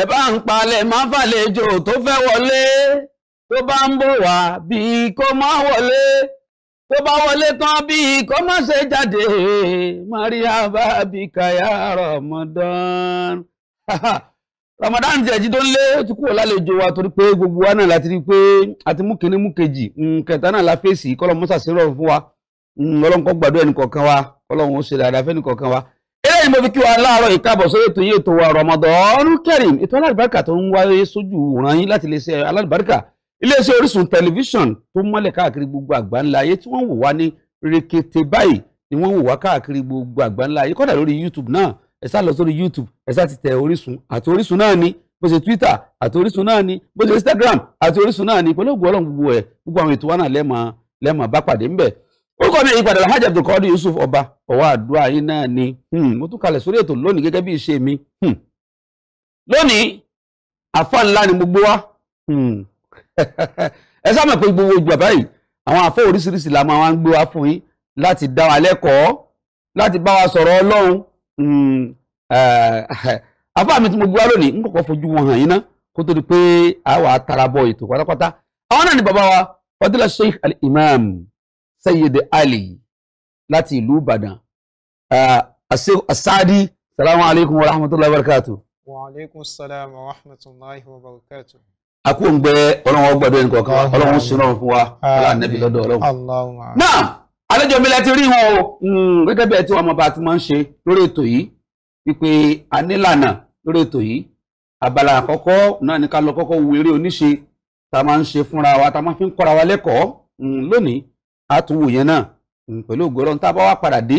ẹ bá ń palẹ̀ má fàlejò tó fẹ́ wọlé tó bá ń bò wá bí kò má wọlé tó bá wọlé tán bí kò má ṣe jáde maria bábí kàyà Ramadan Ramadan jẹ̀jí tó ń lé ó ti kúrò lálejò wa torí pé gbogbo wa náà láti rí i pé àti mú kínní mú kejì hmm, kẹta náà la fèsì kọ́lọ́ mọ́sàsírọ̀ fún wa hmm, ọlọ́run gbàdúrà ẹnì kọ̀ọ̀kan wa ọlọ́run ṣe dáadáa fẹ́ni kọ̀ọ̀kan wa lẹ́yìn mo fi kí wa láàárọ̀ ìkábọ̀ sórí ètò yìí ètò wa Ramadan Kareem ètò alálùbáríkà tó ń wáyé sójú wòran yín láti iléeṣẹ́ alálùbáríkà iléeṣẹ́ Orísun tẹlifíṣàn tó mọ́lẹ̀ káàkiri gbogbo àgbáńlá ayé tí wọ́n wò wá ní rekete báyìí ni wọ́n wò wá káàkiri gbogbo àgbáńlá ayé kódà lórí YouTube náà ẹ sá lọ sórí YouTube ẹ sá ti tẹ Orísun àti Orísun náà ni bó ṣe Twitter àti Orísun náà ni bó ṣe Instagram àti Orísun náà ni pẹ̀lú ògùn ọlọ́run gbogbo ẹ̀ gbogbo àwọn ètò wa náà lẹ́ẹ̀mọ́ lẹ́ẹ̀mọ́ bá pàdé ńbẹ̀ orúkọ mi ìyípadà alhaji abdulkadir yusuf ọba ọwọ́ àdúrà na ni hmm, mo tún kalẹ̀ sórí ètò lónìí gẹ́gẹ́ bí ìṣe mi hmm. lónìí ni gbogbo wa hmm. ẹ sáà mọ̀ pé gbogbo ìgbà báyìí àwọn àfọ oríṣiríṣi la wa wa eh, mi Sayyid Ali láti ìlú Ìbàdàn asáàdì salamu alaykum wa rahmatulahi wa barakatu. wa alaykum salam wa rahmatulahi wa barakatu. a kò ń gbẹ ọlọ́run ọgbàdo ẹnì kọ̀ọ̀kan ọlọ́run sinú ọ̀hún fún wa ọlọ́run ànábì lọ́dọ̀ ọlọ́run. náà àlejò mi láti rí wọn o hmm, gẹ́gẹ́ bí ẹ tí wọn mọ̀ bá ti máa ń ṣe lórí ètò yìí wípé a nílànà lórí ètò yìí abala àkọ́kọ́ náà ní ká lọ kọ́kọ́ wo eré oníṣe tá a máa ń ṣe fúnra wa tá máa fi ń kọ́ra wa lẹ́kọ̀ọ́ hmm, lónìí àtúwò yẹn náà hmm, pẹ̀lú ògbọ́rọ̀ tá a bá wá padà dé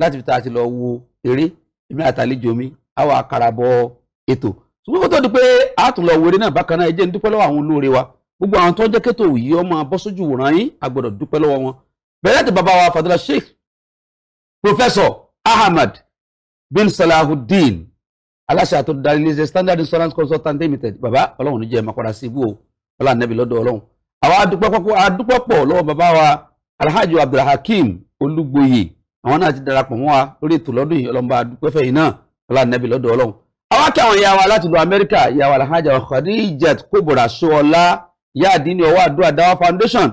láti fi tá a ti lọ wo eré èmi àtàlejò mi á wà karabọ̀ ètò ṣùgbọ́n kó tó di pé a tún lọ wo eré náà bákan náà ẹ jẹ́ ń dúpẹ́ lọ́wọ́ àwọn olóore wa gbogbo àwọn tó ń jẹ́ kétò yìí ọmọ abọ́sójú wòran yín a gbọ́dọ̀ dúpẹ́ lọ́wọ́ wọn bẹ̀rẹ̀ ti bàbá wa fàdúrà sheikh professor Ahmed bin salahuddin aláṣẹ àtọ́darí ilé standard insurance consultant limited bàbá ọlọ́run ní jẹ́ ẹ̀ máa padà sí ibú o ọlá nẹ́bí lọ́dọ̀ ọlọ́run àwa adúpẹ́ pọ̀ lọ́wọ́ bàbá wa alhaji abdulhakeem olúgboyè àwọn náà ti darapọ̀ mọ́ wa lórí ètò lọ́dún yìí ọlọ́mọba dúpẹ́fẹ́ yìí náà ọlànàbí lọ́dọ̀ ọlọ́run àwọn akẹ́wọn ìyá wa láti lu amẹ́ríkà ìyá wa alhaji khadijat kóbòrà sọ́ọ́lá ìyá àdínní ọwọ́ àdúrà dáwà foundation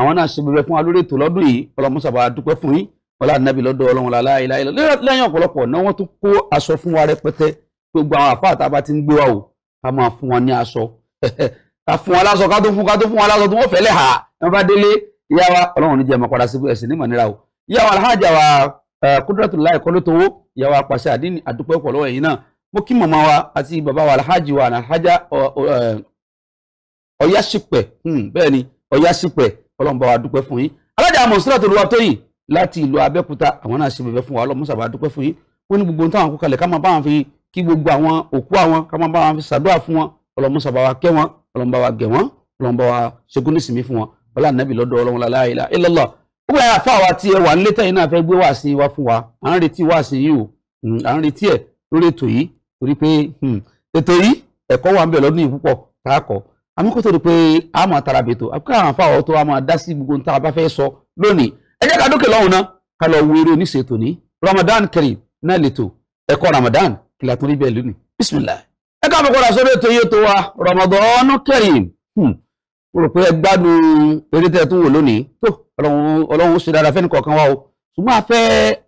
àwọn náà ṣe bẹ̀rẹ̀ fún wa lórí ètò lọ́dún yìí ọlọ́mọsàbà dúpẹ́ fún yín ọlànàbí lọ́dọ̀ ọlọ́run làlá ìlàyìlọ lẹ́yìn ọ̀pọ̀lọpọ̀ náà wọ́n tún kó aṣọ fún wa rẹpẹtẹ gbogbo àwọn àfáà ìyá wa ọlọ́run ní jẹ́ ọmọ padà sí ẹ̀sìn nímọ̀ nira o ìyá wa alhaja wa Kudratulahi Kolotowó ìyá wa pàṣẹ àdínní àdúpẹ́ pọ̀ lọ́wọ́ ẹ̀yin náà mo kí màmá wa àti bàbá wa alhaji wa alhaja ọ̀yáṣípẹ̀ hmm, bẹ́ẹ̀ ni ọ̀yáṣípẹ̀ ọlọ́run bá wa dúpẹ́ fún yín alhaja Monsuratul-Luwatóyìn láti ìlú Abẹ́òkúta àwọn náà ṣe bẹ̀bẹ̀ fún wa ọlọ́run sábà dúpẹ́ fún yín wọ́n ní gbogbo ohun táwọn kó kalẹ̀ ká máa bá wọn fi kí gbogbo àwọn òkú àwọn ká máa bá wọn fi ṣàdúrà fún wọn ọlọ́run sábà wa kẹ́ wọn ọlọ́run bá wa gẹ̀ wọn ọlọ́run bá wa ṣegún fún wọn ọlá nàbì lọ́dọ̀ ọlọ́run la ilaha illallah ó gbà àfa àwa tí ẹ wà ń létẹ̀yìn náà fẹ́ gbé wá sí wa fún wa à ń retí wá sí yìí o hmm, à ń retí ẹ̀ lórí ètò yìí torí pé hmm, ètò yìí ẹ̀kọ́ wà ń bẹ lọ́dún yìí púpọ̀ tá a kọ́ pé a máa tara bètò àbúkọ́ àwọn àfa àwọn tó a máa dá sí gbogbo tá bá fẹ́ sọ lónìí ẹ ká dókè lọ́hùn náà ká lọ wo oníṣètò ní Ramadan Kareem náà lè tò ẹ̀kọ́ Ramadan kìlà tó rí bẹ́ẹ̀ lónìí bismillah ẹ káàbọ̀ kọ́ra sórí ètò yìí tó wa Ramadan Kareem hmm mo rò pé ẹ gbádùn eré tẹ́ ẹ tún wò lónìí tó ọlọ́run ó ṣe dáadáa fẹ́ni kọ̀ọ̀kan wa o ṣùgbọ́n a fẹ́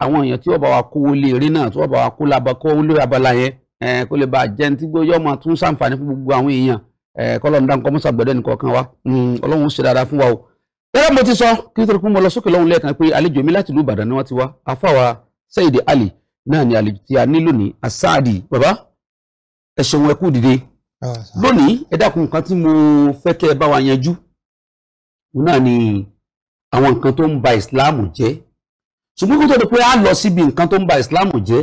àwọn èèyàn tí wọ́n bá wa kó wọlé eré náà tí wọ́n bá wa kó labọ́ kó wọlé abala yẹn kó lè bá jẹun tí gbọ́ yọ́mọ tún ṣàǹfààní fún gbogbo àwọn èèyàn kọ́lọ́run dáńkọ́ mọ́sà gbọ́dọ̀ ẹnì kọ̀ọ̀kan wa hmm, ọlọ́run ó ṣe dáadáa fún wa o. gẹ́gẹ́ mo ti sọ kí tó kún mo lọ sókè lọ́hùn lẹ́ẹ̀kan pé àlejò mi láti ìlú Ìbàdàn ni wọ́n ti wá afáwa Saidi Ali náà ni àlejò tí a ní lónìí Asaadi bàbá ẹ̀ṣẹ̀ wọn ẹ̀kú dìde lónìí ẹ dákun nǹkan tí mo fẹ́ kẹ́ ẹ bá wa yanjú òun náà ni àwọn nǹkan tó ń ba ìsìláàmù jẹ́ ṣùgbọ́n kó tó di pé a lọ síbi nǹkan tó ń ba ìsìláàmù jẹ́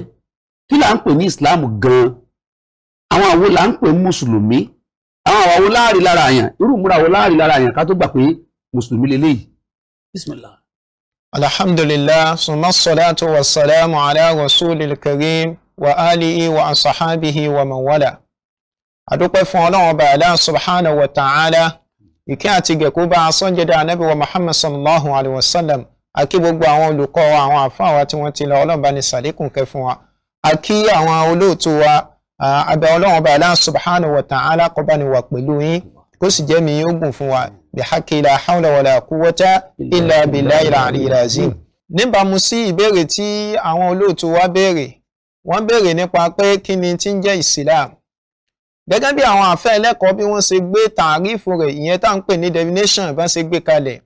kí là ń pè ní ìsìláàmù gan-an àwọn àwo là ń pè ní mùsùlùmí àwọn àwo láàrin lára àyàn irú ìmúra àwo láàrin lára àyàn ká tó gbà pé mùsùlùmí leléyìí bismillah. alhamdulillah summa salatu wa salamu ala rasulil karim wa alihi wa asahabihi wa man adúpẹ́ fún ọlọ́run ọba Allah subhanahu wa ta'ala ìkẹ́ àti gẹ̀kú bá a sọ́njẹ́ dáa nábì wa muhammad sallallahu alayhi wa sallam a kí gbogbo àwọn olùkọ́ wa àwọn àfáà wa tí wọ́n ti lọ ọlọ́run bá ní sàlékùn kẹ́ fún wa a kí àwọn olóòtú wa abẹ́ ọlọ́run ọba Allah subhanahu wa ta'ala kó bá ní wà pẹ̀lú yín kó sì jẹ́ mi yín ogun fún wa bihaqi la hawla wala quwwata illa billahi al-aliyyil azim níbàámu sí ìbéèrè tí àwọn olóòtú wa béèrè wọ́n béèrè nípa pé kí ni tí ń jẹ́ ìsìláàmù gẹ́gẹ́ bí àwọn àfẹ́ ẹlẹ́kọ̀ọ́ bí wọ́n ṣe gbé tààrífù rẹ̀ ìyẹn tá à ń pè ní definition bá ṣe gbé kalẹ̀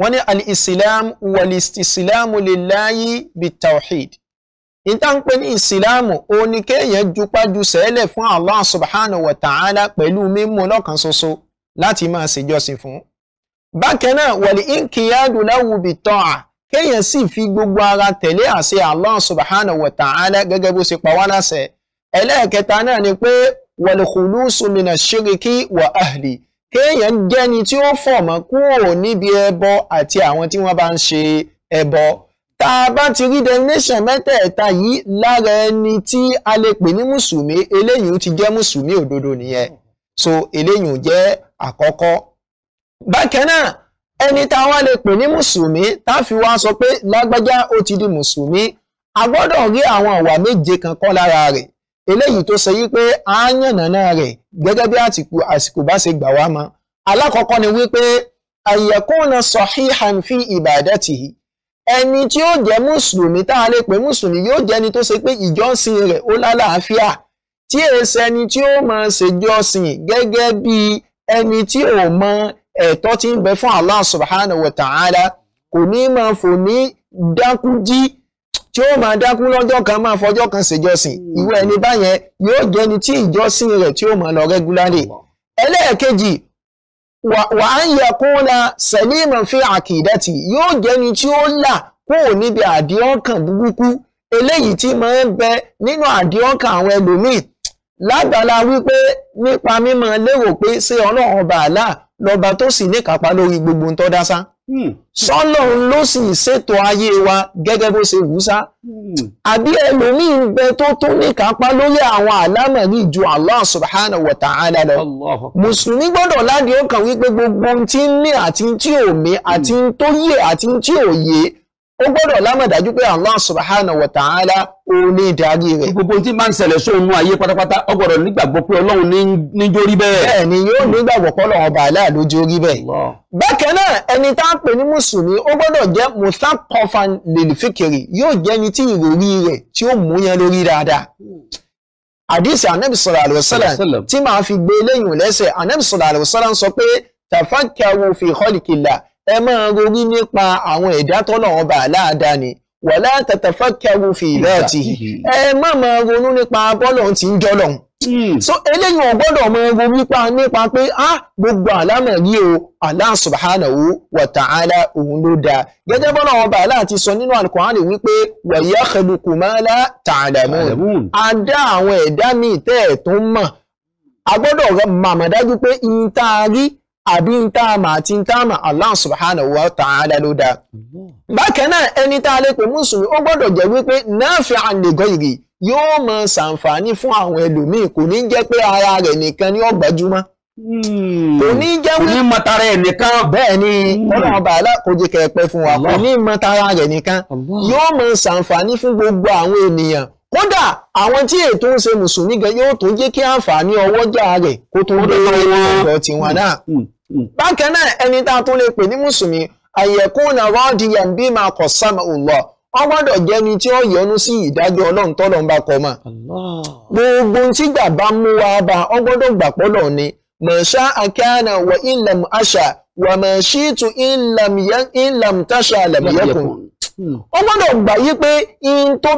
wọ́n ní al-islam wal-istislam lillahi bitawhid ní tá à ń pè ní ìsìláàmù òun ni kéèyàn jupájú sẹ́lẹ̀ fún Allah subhanahu wa ta'ala pẹ̀lú mímú lọ́kàn ṣoṣo láti máa ṣèjọsìn fún. bákan náà wal-inqiyadu lahu bit-ta'a kéèyàn sì fi gbogbo ara tẹ̀lé àṣẹ Allah subhanahu wa ta'ala gẹ́gẹ́ bó ṣe pa wá láṣẹ. ẹlẹ́ẹ̀kẹta náà ni pé wàlùkùlùsù mìnà ṣíríkì wà áhìlì kéèyàn jẹ́ni tí ó fọ̀mọ́ kúrò níbi ẹbọ àti àwọn tí wọ́n bá ń ṣe ẹbọ tá a bá ti rí definition mẹ́tẹ̀ẹ̀ta yìí lára ẹni tí a lè pè ní mùsùlùmí eléyìí ti jẹ́ mùsùlùmí òdodo nìyẹn so eléyìí jẹ́ àkọ́kọ́ bákan náà ẹni tá a wá lè pè ní mùsùlùmí tá a fi wá sọ pé lágbájá ó ti di mùsùlùmí a gbọ́dọ̀ rí àwọn ọ̀wà méje kan kọ́ lára rẹ̀ eléyìí tó ṣe yí pé a yànnàná rẹ̀ gẹ́gẹ́ bí àsìkò bá ṣe gbà wá mọ́ alákọ̀ọ́kọ́ ni wípé àyẹ̀kúnna sahihan fi ibadatihi ẹni tí ó jẹ́ mùsùlùmí tá a lè pè mùsùlùmí yóò jẹ́ ẹni tó ṣe pé ìjọsìn rẹ̀ ó lálàáfíà tí èsì ẹni tí ó máa ṣèjọsìn gẹ́gẹ́ bí ẹni tí ò mọ ẹ̀tọ́ tí ń bẹ fún Allah subhanahu wa ta'ala kò ní máa fò ní dákúdí tí ó máa dákú lọ́jọ́ kan máa fọjọ́ kan ṣèjọsìn ìwé hmm. ẹni báyẹn yóò jẹ́ ni tí ìjọsìn rẹ̀ tí ó máa lọ regularly. Hmm. ẹlẹ́ẹ̀kejì wà á ń yẹ kó la sẹ́límù fi àkìdẹ́tì yóò jẹ́ ni tí ó là kó o níbi àdíọ́kàn burúkú eléyìí tí máa ń bẹ nínú àdíọ́kàn àwọn ẹlòmíì lágbàlá wípé nípa mímọ̀ lérò pé ṣé ọlọ́run ọba àlá lọ́ba tó sì níkàpá lórí gbogbo ń tọ́ Hmm. sọ́lọ́run ló sì ṣètò ayé wa gẹ́gẹ́ bó ṣe wù sá hmm. àbí ẹlòmíín bẹ tó tó ní kápá lórí àwọn àlámọ̀rí ju Allah subhanahu wa ta'ala lọ mùsùlùmí gbọ́dọ̀ ládìí ó kàn wípé gbogbo ohun tí ń ní àti tí ò mí àti tó ó gbọ́dọ̀ lámọ̀dájú pé Allah subhanahu wa ta'ala òun ní ìdarí rẹ̀. gbogbo tí máa ń ṣẹlẹ̀ sóònù ayé pátápátá ó gbọ́dọ̀ nígbàgbọ́ pé ọlọ́run ní jórí bẹ́ẹ̀. bẹ́ẹ̀ ni yóò nígbàgbọ́ pé ọlọ́run ọba aláà ló jórí bẹ́ẹ̀. bákan náà ẹni tá à ń pè ní mùsùlùmí ó gbọ́dọ̀ jẹ́ muthaqafan lil fikri yóò jẹ́ ẹni tí ìròrí rẹ̀ tí ó mú yẹn lórí dáadáa àdìsí anabi sallallahu tí màá fi gbé eléyìí lẹ́sẹ̀ anabi sallallahu sọ pé tafakkaru fi khalqillah ẹ máa ronú nípa àwọn ẹ̀dá tọ́nà ọba aláàdáa ni wàlá tatafakkaru fi dhatihi ẹ má máa ronú nípa bọ́lọ̀ tí ń jọlọ̀ hmm. so eléyìí wọn gbọ́dọ̀ máa ronú nípa nípa pé a gbogbo àlámọ̀ yìí o Allah subhanahu wa ta'ala òun ló dáa gẹ́gẹ́ bọ́lá ọba Allah ti sọ nínú Al-Qur'an wípé wa yakhluqu ma la ta'lamun a dá àwọn ẹ̀dá míì tẹ́ tó mọ̀ a gbọ́dọ̀ màmá dájú pé ìtaari àbí ń tá a mà àti ń tá a mà Allah subhanahu wa ta'ala ló dáa. bákan náà ẹni tá a lè pè mùsùlùmí ó gbọ́dọ̀ jẹ́ wípé nafi'an li ghayri yóò máa ṣàǹfààní fún àwọn ẹlòmíì kò ní jẹ́ pé ara rẹ̀ nìkan ni ó gbajúmọ̀. Hmm. kò ní jẹ́ wípé kò ní mọtara ẹ̀ nìkan. bẹ́ẹ̀ ni hmm. ọlọ́run bàálà kò jẹ́ kẹ̀ẹ́pẹ́ fún wa kò ní mọtara rẹ̀ nìkan yóò máa ṣàǹfààní fún gbogbo àwọn ènìyàn kódà àwọn tí ètò ń ṣe mùsùlùmí gan yóò tó jẹ́ kí àǹfààní rẹ̀ kó tó ọ̀dọ̀ tiwọn náà. Hmm, hmm, hmm. bákan náà ẹni tá a tún lè pè ní mùsùlùmí àyẹ̀kún náà rọ́ọ̀dì yẹn bí máa kọ̀ sáàmù lọ wọ́n gbọ́dọ̀ jẹ́ tí ó bá mọ́. gbogbo tí mú wa bá wọ́n gbọ́dọ̀ gbà pọ́lọ̀ ni mọ̀ṣá Hmm. ó gbọ́dọ̀ gbà yí pé in tó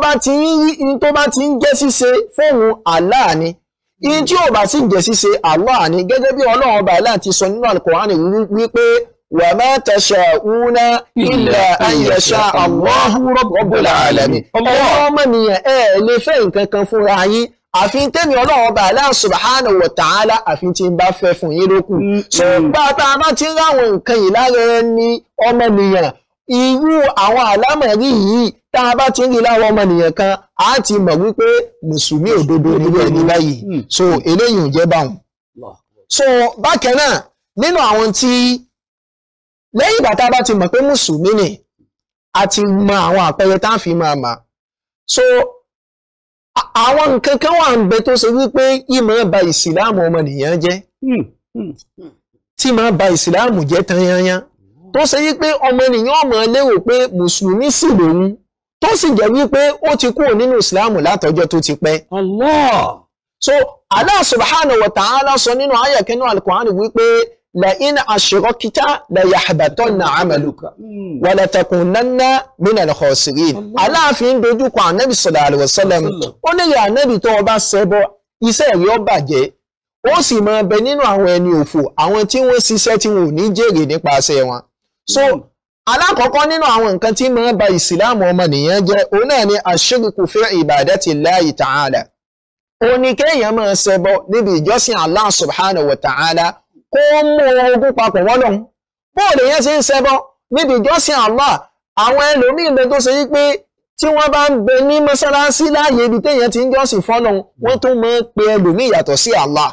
bá ti ń jẹ́ ṣíṣe fóun Allah ni in tí ò bá sì jẹ́ ṣíṣe Allah ni gẹ́gẹ́ bí ọlọ́run ọba Allah ti sọ nínú Al-Qur'ani wípé wa ma tasha'una illa an yasha Allahu rabbul alamin ọmọ nìyẹn ẹ lè fẹ́ nǹkan kan fúnra yín àfin tẹ́mi ọlọ́run ọba Allah subhanahu wa ta'ala àfin tí n bá fẹ́ fún yín lókù. ṣùgbọ́n hmm. hmm. bá a bá ti ń ráwọn nǹkan yìí lára ẹni ọmọnìyàn irú àwọn àlámọ̀rí yìí tá a bá ti ń rí láwọn ọmọnìyàn kan a ti mọ̀ wípé mùsùlùmí òdodo ẹni láyè hmm. so eléyìí ò jẹ́ báwọn. so bákan náà nínú àwọn tí lẹ́yìn ìgbà tá a bá ti mọ̀ pé mùsùlùmí a ti mọ àwọn àpẹẹrẹ tá a fi máa mà so àwọn nǹkan kan wà ń bẹ tó ṣe wípé ba ìsìláàmù ọmọnìyàn jẹ́ hmm. Hmm. tí máa ba ìsìláàmù jẹ́ tán yányán. tó ṣe wípé ọmọ ènìyàn ọmọ lérò pé mùsùlùmí sì lòun tó sì jẹ́ wípé ó ti kúrò nínú ìsìláàmù látọjọ́ tó ti pẹ́. Allah. so Allah subhanahu wa ta'ala sọ nínú àyá kínú al wípé la yahbatanna 'amaluka hmm. wa la takunanna min al-khasirin. Allah fi ń dojúkọ ànábì sallallahu alaihi wasallam ó ní ìyá ànábì tó ọba ṣẹbọ iṣẹ́ rẹ̀ ó bàjẹ́ ó sì máa bẹ nínú àwọn ẹni òfò àwọn tí wọ́n ṣiṣẹ́ tí wọn ò ní jèrè nípasẹ̀ wọn so alákọ̀ọ́kọ́ nínú àwọn nǹkan tí máa ba ìsìláàmù ọmọnìyàn jẹ́ òun náà ni àṣírìkù fi ìbàdàtì láàyè tààlà òun ni kéèyàn máa ṣẹbọ níbi ìjọsìn Allah subhanahu wa ta'ala kó mú ogún papọ̀ wọ́lọ́hún bó lèyàn ṣe ń ṣẹbọ níbi ìjọsìn Allah àwọn ẹlòmíín bẹ tó ṣe yí pé tí wọ́n bá ń bẹ ní mọ́sálásí láàyè ibi téèyàn ti ń jọ́sìn fọ́lọ́hún wọ́n tún máa ń pe ẹlòmíín yàtọ̀ sí Allah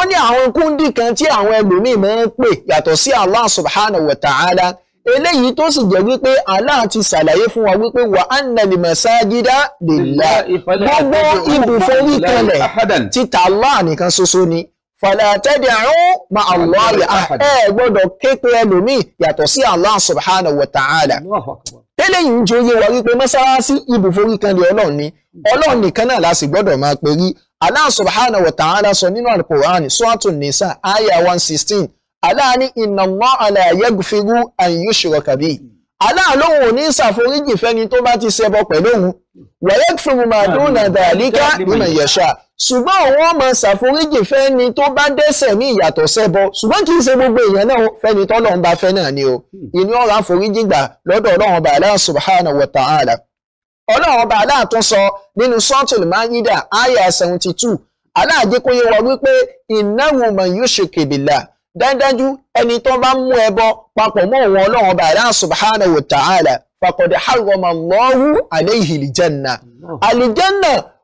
ó ní àwọn kúndì kan tí àwọn ẹlòmíín máa ń pè yàtọ̀ sí Allah subhanahu wa ta'ala eléyìí tó sì jẹ́ wípé Allah ti ṣàlàyé fún wa wípé wa anna al-masajida lillah gbogbo ibùforíkanlẹ̀ títa Allah nìkan ṣoṣo ni fàlàtẹ́dẹ̀ àrùn ma Allah ẹ gbọ́dọ̀ képe ẹlòmíì yàtọ̀ sí Allah subhanahu wa ta'ala. tẹ́lẹ̀ ń jẹ́ oyé wa wípé mọ́sálásí ibùforíkanlẹ̀ ọlọ́run ni ọlọ́run nìkan la sì gbọ́dọ̀ máa pè rí Allah subhanahu wa ta'ala sọ nínú alukur'ani Suratun Nisa aya one sixteen Allah ní inna Allaha la yaghfiru an yushraka bihi Allah lóhùn ò ní ṣàforíjì fẹ́ni tó bá ti ṣẹbọ pẹ̀lú òun wa yaghfiru ma duna dhalika liman yasha ṣùgbọ́n àwọn ọmọ ṣàforíjì fẹ́ni tó bá dẹ́ṣẹ̀ ní ìyàtọ̀ ṣẹbọ ṣùgbọ́n kì í ṣe gbogbo èèyàn náà fẹ́ni tọ́lọ́run bá fẹ́ náà ni o ìní ọ̀rọ̀ àforíjì gbà lọ́dọ̀ Ọlọ́run bá subhanahu wa ta'ala ọlọ́run ọba tún sọ nínú sọ́ọ̀tùlù máyídà àyà seventy two aláàjẹkọyẹ wa wípé ìnáwó mayushrik billah dájúdájú ẹni tó bá mú ẹbọ papọ̀ mọ́ òun ọlọ́run ọba aláà subhanahu wa ta'ala faqad harrama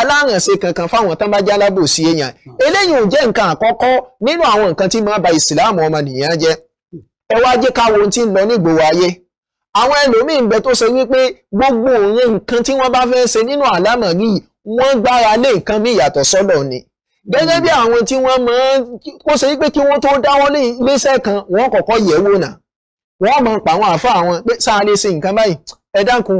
alárànṣe kankan fáwọn tán bá jẹ́ alábòsí èèyàn eléyìí ò jẹ́ nǹkan àkọ́kọ́ nínú àwọn nǹkan tí máa ba ìsìláàmù ọmọnìyàn jẹ́ ẹ wá jẹ́ ká wo ohun tí ń lọ nígboro ayé àwọn ẹlòmíín ń bẹ tó ṣe wípé gbogbo òun nǹkan tí wọ́n bá fẹ́ ṣe nínú àlámọ̀ yìí wọ́n gbára lé nǹkan mí ìyàtọ̀ sọ́dọ̀ ni gẹ́gẹ́ bí àwọn tí wọ́n máa kó ṣe wípé kí wọ́n tó dáwọ́ lé iléeṣẹ́ kan wọ́n kọ́kọ́ yẹ̀ wò náà wọ́n máa pa àwọn àfa àwọn pé sáà lè ṣe nǹkan báyìí ẹ dákun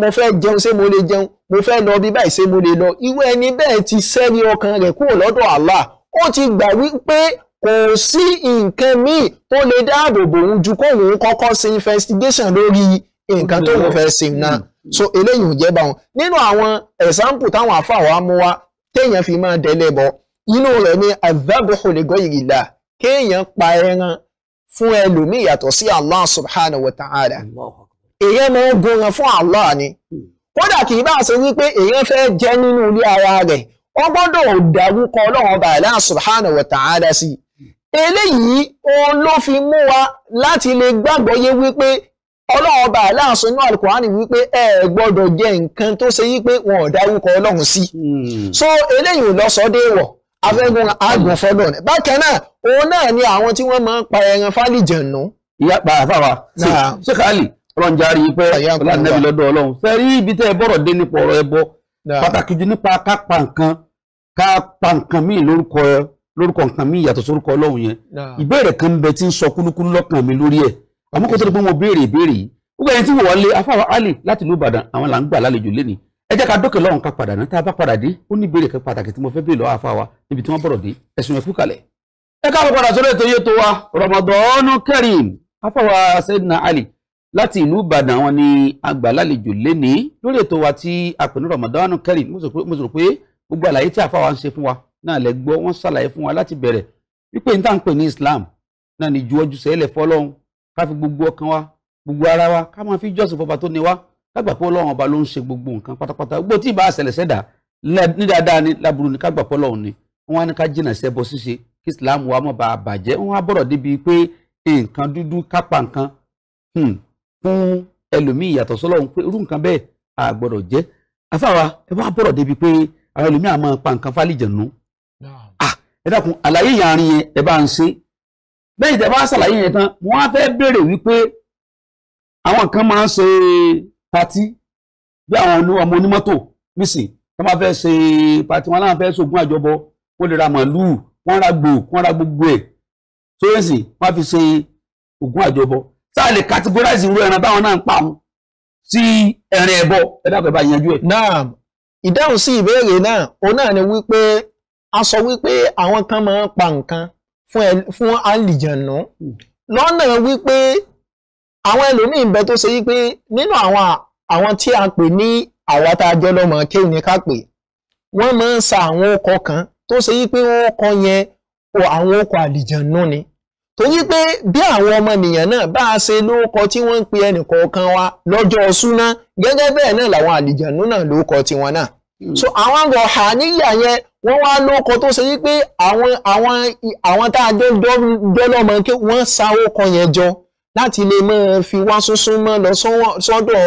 mo fẹ́ jẹun ṣé mo lè jẹun mo fẹ́ lọ bí báyìí ṣé mo lè lọ irú ẹni bẹ́ẹ̀ ti sẹ́ni ọkàn rẹ̀ kúrò lọ́dọ̀ Allah ó ti gbà wípé kò sí nǹkan míì tó lè dáàbò bò òun ju kóun kọ́kọ́ ṣe investigation lórí nǹkan tó wọ́n fẹ́ sìn náà so eléyìí ò jẹ́ bá wọn nínú àwọn example táwọn àfáà wa mú wa téèyàn fi máa dẹ́lẹ̀ bọ́ inú rẹ̀ ni azabuhu lè gọ́ ìrìlà kéèyàn pa ẹran fún ẹlòmíì yàtọ̀ sí Allah subhanahu wa ta'ala èèyàn máa ń gunran fún Allah ni. Hmm kódà kì í bá ṣe wípé èèyàn fẹ́ jẹ́ nínú ilé ara rẹ̀ ó gbọ́dọ̀ dárúkọ ọlọ́run ọba Allah subhanahu wa ta'ala sí i eléyìí òun ló fi mú wa láti lè gbàgbọ́ yé wípé ọlọ́run ọba Allah nínú alukurani wípé ẹ gbọ́dọ̀ jẹ nǹkan tó ṣe wípé wọn ò dárúkọ ọlọ́run sí i hmm. so eléyìí ló sọ dé wọ̀ afẹ́gun àgùn fọ́dọ̀ ni bákan náà òun náà ni àwọn tí wọ́n máa ń pa ẹran fálìjẹ̀nù. ìyá pa àfàwà ṣe káàlì ọlọ́run járí pé ọlọ́run nẹ́bí lọ́dọ̀ ọlọ́run fẹ́ rí ibi tẹ́ ẹ bọ̀rọ̀ dé nípa ọ̀rọ̀ ẹbọ pàtàkì jù nípa ká pa nǹkan ká pa nǹkan míì lórúkọ lórúkọ nǹkan míì yàtọ̀ sórúkọ ọlọ́run yẹn ìbéèrè kan bẹ tí ń sọ kúlúkúlú lọ́kàn mi lórí ẹ̀ àmọ́ kó tó di pé mo béèrè ìbéèrè yìí gbogbo ẹni tí wò wọlé afáwa ali láti ìlú ìbàdàn àwọn là ń gbà lálejò lé ní ẹ jẹ́ ká dókè lọ́run ká padà náà tá a bá padà dé ó ní ìbéèrè kan pàtàkì tí mo fẹ́ béèrè lọ́wọ́ afáwa níbi tí wọ́n bọ̀rọ̀ dé ali láti ìlú ìbàdàn àwọn ni àgbà lálejò lénìí lórí ètò wa tí a pè ní Ramadan Kareem mo sọ pé gbogbo àlàyé tí àfa wa ń ṣe fún wa náà lẹ gbọ́ wọ́n ṣàlàyé fún wa láti bẹ̀rẹ̀ wípé n táǹpẹ ní Islam náà ni ju ọjọ́ sẹ́lẹ̀ fọ́lọ́run ká fi gbogbo ọkàn wa gbogbo ara wa ká máa fi jọ́sìn fọba tó ní wa ká gbà pé Ọlọ́run ọba ló ń ṣe gbogbo nǹkan pátápátá gbogbo tí ì bá ṣẹlẹ̀ ṣẹ̀dá ní dáadáa ni láburú ni ká gbà pé Ọlọ́run ni wọ́n á ní ká jìnnà ṣẹbọ ṣíṣe kí Islam wa má bàa bàjẹ́ wọ́n á bọ̀rọ̀ débi pé nǹkan dúdú kápá nǹkan hmm fún ẹlòmíì yàtọ̀ sọ́lọ́run pé irú nǹkan bẹ́ẹ̀ a gbọ́dọ̀ jẹ́ afáwa ẹ wá bọ̀rọ̀ débi pé àwọn ẹlòmíì àmọ́ pa nǹkan fálìjẹ̀nu ah, ẹ dákun àlàyé yẹn àárín yẹn ẹ bá ń ṣe bẹ́ẹ̀ ìtẹ̀ bá ṣàlàyé yẹn tán wọ́n á fẹ́ béèrè wípé àwọn kan máa ń ṣe patí bí àwọn ọmọ onímọ́tò nísìn tó máa fẹ́ ṣe patí wọn láwọn fẹ́ ṣògùn àjọbọ wọ́n lè ra màlúù wọ́n ra gbò wọ́n ra gbogbo ẹ̀ tó yẹ sì wọ́n á fi ṣe ògùn àjọbọ tá le lè categorize irú ẹran báwọn náà ń pa wọn sí ẹran ẹbọ ẹ dákun ẹ bá yanjú ẹ. náà ìdáhùn sí ìbéèrè náà òun náà ni wípé a sọ wípé àwọn kan máa ń pa nǹkan fún àlìjànú lọ́nà wípé àwọn ẹlòmíì ń bẹ tó ṣe wípé nínú àwọn àwọn tí a pè ní àwa tá a jẹ́ lọ́mọ kéwì ni ká pè wọ́n máa sa àwọn ọkọ̀ kan tó ṣe wípé wọ́n kọ yẹn àwọn ọkọ̀ àlìjànú ni torí pé bí àwọn ọmọnìyàn náà bá a ṣe lóókọ tí wọ́n ń pe ẹnìkọ̀ọ̀kan wa lọ́jọ́ súná gẹ́gẹ́ bẹ́ẹ̀ náà làwọn àlìjànú náà lóókọ tiwọn náà hmm. so àwọn rọ̀hà níyà yẹn wọ́n wá lóókọ tó ṣe wípé àwọn àwọn àwọn tá a jọ dọ́lọ́mọ kí wọ́n sa ókọ yẹn jọ láti lè máa fi wá súnsún mọ́ lọ sọ́dọ̀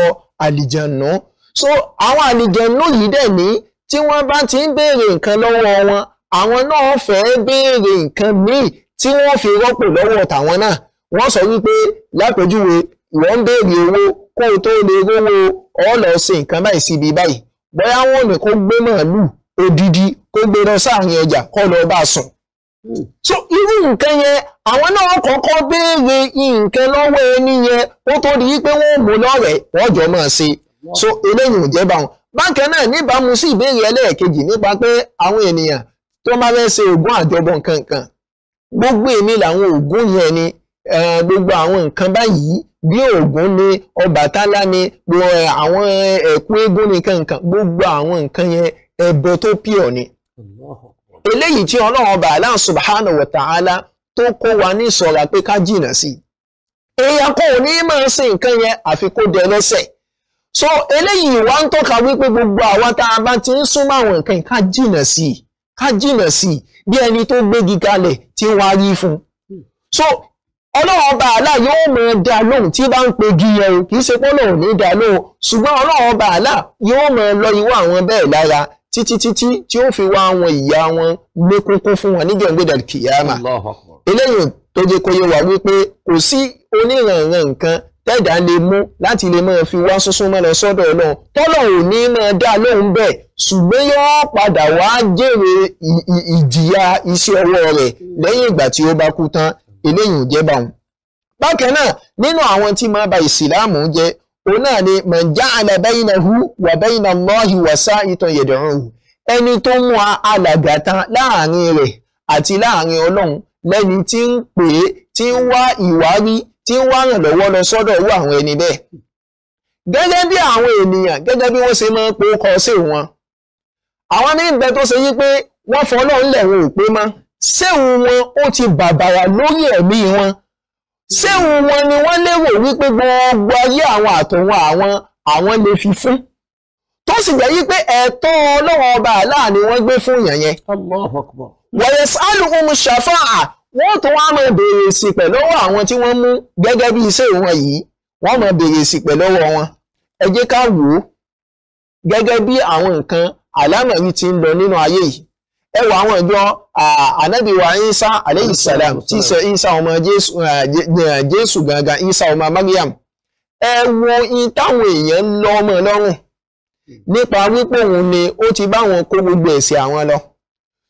àlìjànú so àwọn àlìjànú yìí dẹ̀ ní tí wọ́n bá ti ń béèrè nǹkan lọ́wọ́ wọn àwọn náà fẹ́ẹ́ béèrè nǹkan míì tí wọ́n fi rọ́pò lọ́wọ́ tàwọn náà wọ́n sọ wípé lápèjúwe ìwọ́n ń béèrè owó kó o tó lè rówó ọ̀ọ́lọ́ ṣe nǹkan báyìí síbi báyìí bóyá wọn ní kó gbé màálù odidi kó gbé lọ sáàrin ọjà kó lọ bá a sùn. so irú nǹkan yẹn àwọn náà kọ́kọ́ béèrè nǹkan lọ́wọ́ ẹni yẹn kó tó di wípé wọ́n mú lọ́rẹ̀ẹ́ wọ́n jọ máa ṣe so eléyìí ò jẹ́ báwọn. bákan náà níbàámu sí ìbéèrè ẹlẹ́ẹ̀kejì nípa pé àwọn ènìyàn tó máa fẹ́ ṣe ògùn àjọbọ nǹkan kan gbogbo èmi làwọn Ògún yẹn ni gbogbo àwọn nǹkan báyìí bí ogun ni Ọbàtálá ni àwọn ẹ̀kú eégún nìkan nǹkan gbogbo àwọn nǹkan yẹn ẹbọ tó pìọ̀ ni. eléyìí tí ọlọ́run ọba Allah subhanahu wa ta'ala tó kó wa ní ìṣọ́ra pé ká jìnnà sí i. èèyàn kò ní máa ṣe nǹkan yẹn àfi kó dẹ lọ́sẹ̀. so eléyìí wá ń tọ́ka wípé gbogbo àwa tá a bá ti ń súnmọ́ àwọn nǹkan yìí ká jìnnà sí i. ká jìnà sí bí ẹni tó gbégi kalẹ̀ tí ń wárí fún un so ọlọ́run ọba àlá yóò mọ dá lóhùn tí bá ń pe gíyẹ o kì í ṣe pé ọlọ́run ní dá lóhùn ṣùgbọ́n ọlọ́run ọba àlá yóò mọ lọ ìwọ àwọn bẹ́ẹ̀ lára títí títí tí ó fi wá àwọn ìyá wọn gbé kúnkún fún wọn nígbà ìgbéda kìyàmà eléyìí tó jẹ́ kó yé wípé kò sí oníranran nǹkan tẹ́ẹ̀dá lè mú láti lè máa fi wá súnsún mọ́ lọ sọ́dọ̀ náà tọ́lọ̀ ò ní máa dá lóhùn bẹ́ẹ̀ ṣùgbọ́n yóò padà wá jèrè ìjìyà iṣẹ́ ọwọ́ rẹ̀ lẹ́yìn ìgbà tí ó bá kú tán eléyìí ò jẹ́ báwọn. bákan náà nínú àwọn tí máa ba ìsìláàmù jẹ́ òun náà ni man ja'ala baynahu wa bayna Allahi wasa'itan yad'uhu ẹni tó mú alàgàtà láàrin rẹ̀ àti láàrin Ọlọ́run lẹ́ni tí ń pè é tí ń wá tí ń wá ràn lọ́wọ́ lọ sọ́dọ̀ owó àwọn ẹni bẹ́ẹ̀ gẹ́gẹ́ bí àwọn ènìyàn gẹ́gẹ́ bí wọ́n ṣe máa ń po ọkọ̀ sí wọn àwọn ní ìgbẹ́ tó ṣe yí pé wọ́n fọlọ́ ńlẹ̀ wọn ò pé mọ́ séhùn wọn ó ti bàbàrà lórí ẹ̀mí wọn séhùn wọn ni wọ́n lérò wípé gbogbo ayé àwọn àtọ̀hún àwọn àwọn lè fi fún tó sì jẹ́ yí pé ẹ̀tọ́ ọlọ́run ọba àlá ni wọ́n gbé fún yàn yẹn. wọ́n wọ́n tún wá máa béèrè ìsìpẹ̀ lọ́wọ́ àwọn tí wọ́n mú gẹ́gẹ́ bí iṣẹ́ wọn yìí wọ́n máa béèrè ìsìpẹ̀ lọ́wọ́ wọn ẹ jẹ́ ká wò ó gẹ́gẹ́ bí àwọn nǹkan àlámọ̀rí ti ń lọ nínú ayé yìí ẹ wọ àwọn ìjọ wa aleyhi salam tí ọmọ Jésù gangan Isa ọmọ Mariam ẹ èèyàn nípa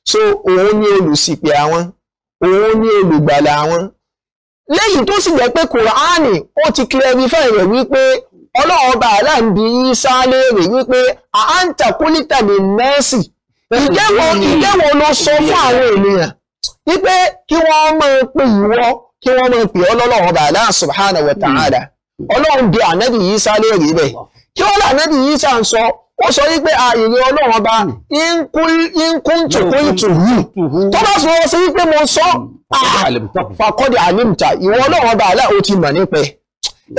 so òun ni òun ni olùgbàlà àwọn léyìí tó sì jẹ́ pé kùránì ó ti clarify rẹ̀ wípé ọlọ́run ọba àlá ń bi a léèrè wípé àǹtà kúlítà ní sọ fún àwọn ènìyàn wípé kí wọ́n máa pe ìwọ kí wọn máa pè ọlọ́run ọba subhanahu wa ta'ala ànábì léèrè kí wọ́n ń sọ ó sọ wípé àìrí ọlọ́run ọba ìkúntù kúntù yìí tó bá sọ sí wípé mo sọ fàkọ́dé àlèmta ìwọ ọlọ́run ọba àlá ò ti mà nípẹ́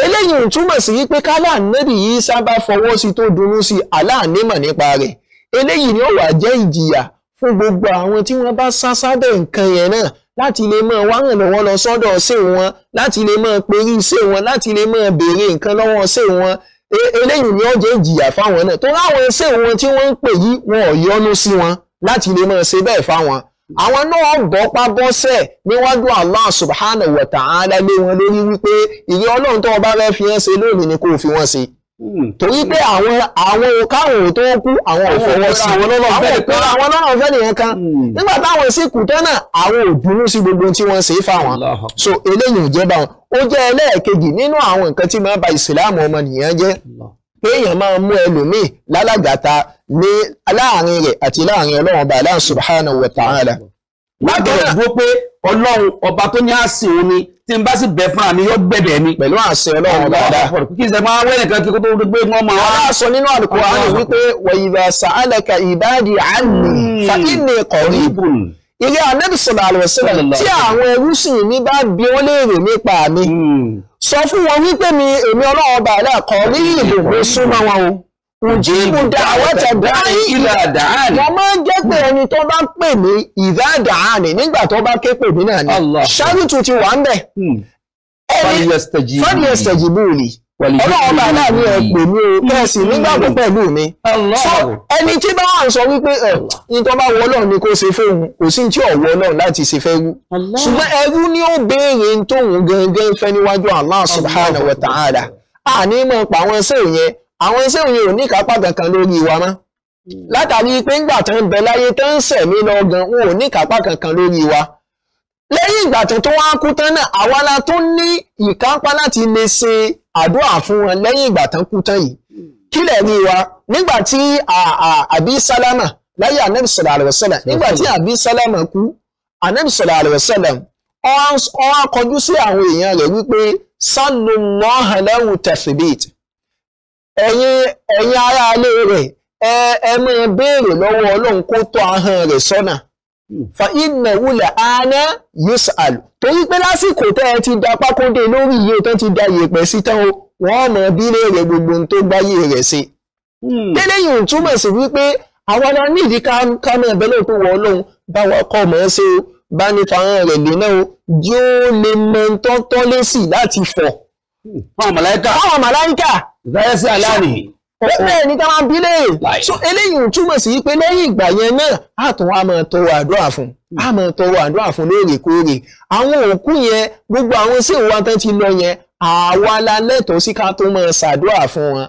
eléyìí ń túmọ̀ sí wípé kálá nẹ́bì yìí sábà fọwọ́ sí tó dunú sí àlá nímọ̀ nípa rẹ̀ eléyìí ni ó wà jẹ́ ìjìyà fún gbogbo àwọn tí wọ́n bá sá sábẹ́ nǹkan yẹn náà láti lè máa wá ràn lọ́wọ́ lọ sọ́dọ̀ ṣé wọn láti lè máa perí ṣé wọn láti lè máa béèrè nǹkan lọ́wọ́ ṣé wọn eléyìí ni ó jẹ́ ìjìyà fáwọn náà tó láwọn ṣé wọn tí wọ́n ń pè yí wọn ò yọ́nú sí wọn láti lè máa ṣe bẹ́ẹ̀ fáwọn àwọn náà bọ́pá bọ́sẹ̀ níwájú Allah subhanahu wa ta'ala lé wọn lórí wípé ìyẹn ọlọ́run tó o bá fẹ́ fi hàn ṣe lónìí ni kò fi wọ́n ṣe. Hmm, torí pé àwọn àwọn káwọn tó kú àwọn òfòwọ́sí àwọn òpin àwọn lọ́rọ̀ fẹ́ nìyẹn kan hmm. nígbà táwọn ìsìnkú àwọn òdùnú sí gbogbo tí wọ́n ṣe é fáwọn so eléyìí ò jẹ́ bá wọn ó jẹ́ ẹlẹ́ẹ̀kejì nínú àwọn nǹkan tí máa ba ìsìláàmù ọmọnìyàn jẹ́ pé èèyàn máa mú ẹlòmíì lálàgàtà ní láàrin rẹ̀ àti láàrin ọlọ́run ọba tí n bá sì bẹ̀ fún àmì yóò gbẹ̀bẹ̀ mi. pẹ̀lú àṣẹ ọlọ́run dáadáa. kí n sẹ́ máa wẹ́rẹ̀ kan kí kó tó gbé wọn máa. wọ́n sọ nínú Al-Qur'ani wípé wa idha sa'alaka ibadi anni hmm. fa inni hmm. ilé anabi sallallahu alaihi wasallam tí àwọn ẹrúsìn mi bá bi wọ́n léèrè nípa mi. Hmm. sọ fún wọn wípé mi èmi ọlọ́run bàálẹ̀ kọ́ ní ìlú Mujibu da'wata da'i ila da'ani. Wọ́n máa ń jẹ́ pé ẹni tó bá pè mí ìdá da'ani nígbà tó bá ké pè mí náà ni. Ṣáàrùtù ti wà ń bẹ̀. Hmm. Fọ́ọ̀dì ẹ̀sẹ̀jìbù ni. Ọlọ́run bá náà ní ẹ̀pẹ̀ mi o, kẹ́sì nígbàgbọ́ pẹ̀lú mi. So ẹni tí bá wà sọ wípé ẹ̀ ní tó bá wọ Ọlọ́run ni kó ṣe fẹ́ wu, kò sí tí ọ̀wọ́ Ọlọ́run láti ṣe fẹ́ wu. Ṣùgbọ́n ẹrú ni ó béèrè tóun gangan fẹ́ níwájú Allah subhanahu wa ta'ala. Àní mọ̀ pa àwọn ṣé yẹn àwọn iṣẹ́ òun ò ní kápá kankan lórí wa mọ́ látàrí pé ńgbà tó ń bẹ láyé tó ń sẹ̀mí lọ gan wọn ò ní kápá kankan lórí wa lẹ́yìn ìgbà tó tó wá kú tán náà àwa la tó ní ìkápá láti lè ṣe àdúrà fún wọn lẹ́yìn ìgbà tó kú tán yìí kí lẹ̀ rí wa nígbà tí àbí sálámà láyé anabi sọ̀rọ̀ àlọ́ sọ̀rọ̀ nígbà tí àbí sálámà kú anabi sọ̀rọ̀ àlọ́ wá kọjú sí àwọn èèyàn rẹ̀ wípé sálùmọ́hàn tẹ̀fìbìtì ẹ̀yin ẹ̀yin aráalé rẹ̀ ẹ ẹ máa béèrè lọ́wọ́ ọlọ́run kó tọ́ ahọ́n rẹ̀ sọ́nà hmm. fa iná wulẹ̀ aná yus'al torí pé lásìkò tẹ́ ẹ ti da pákóde lórí iye tán ti da yèèpẹ̀ sí tán o wọ́n mọ̀ bílẹ̀ rẹ̀ gbogbo tó gbáyé rẹ̀ sí. Hmm. tẹ́lẹ̀yìn ò túmọ̀ sí wípé àwọn ọmọ nídìí ká náà bẹ́ẹ̀ lóko wọ ọlọ́run bá wa kọ́ ọmọ ṣe bá ní farahàn rẹ̀ o yóò lè mọ tọ́tọ́ lé láti fọ̀ fáwọn màláíkà. fáwọn màláíkà. ìdáyẹsí aláàní. bẹ́ẹ̀ ni táwọn bí lè. so eléyìí túmọ̀ sí pé lẹ́yìn ìgbà yẹn náà a tún wá máa tọrọ àdúrà fún a máa tọrọ àdúrà fún lóòrèkóòrè àwọn òkú yẹn gbogbo àwọn sí ìwà tán ti lọ yẹn àwa la lẹ́tọ̀ọ́ sí ká tó máa ṣàdúrà fún wọn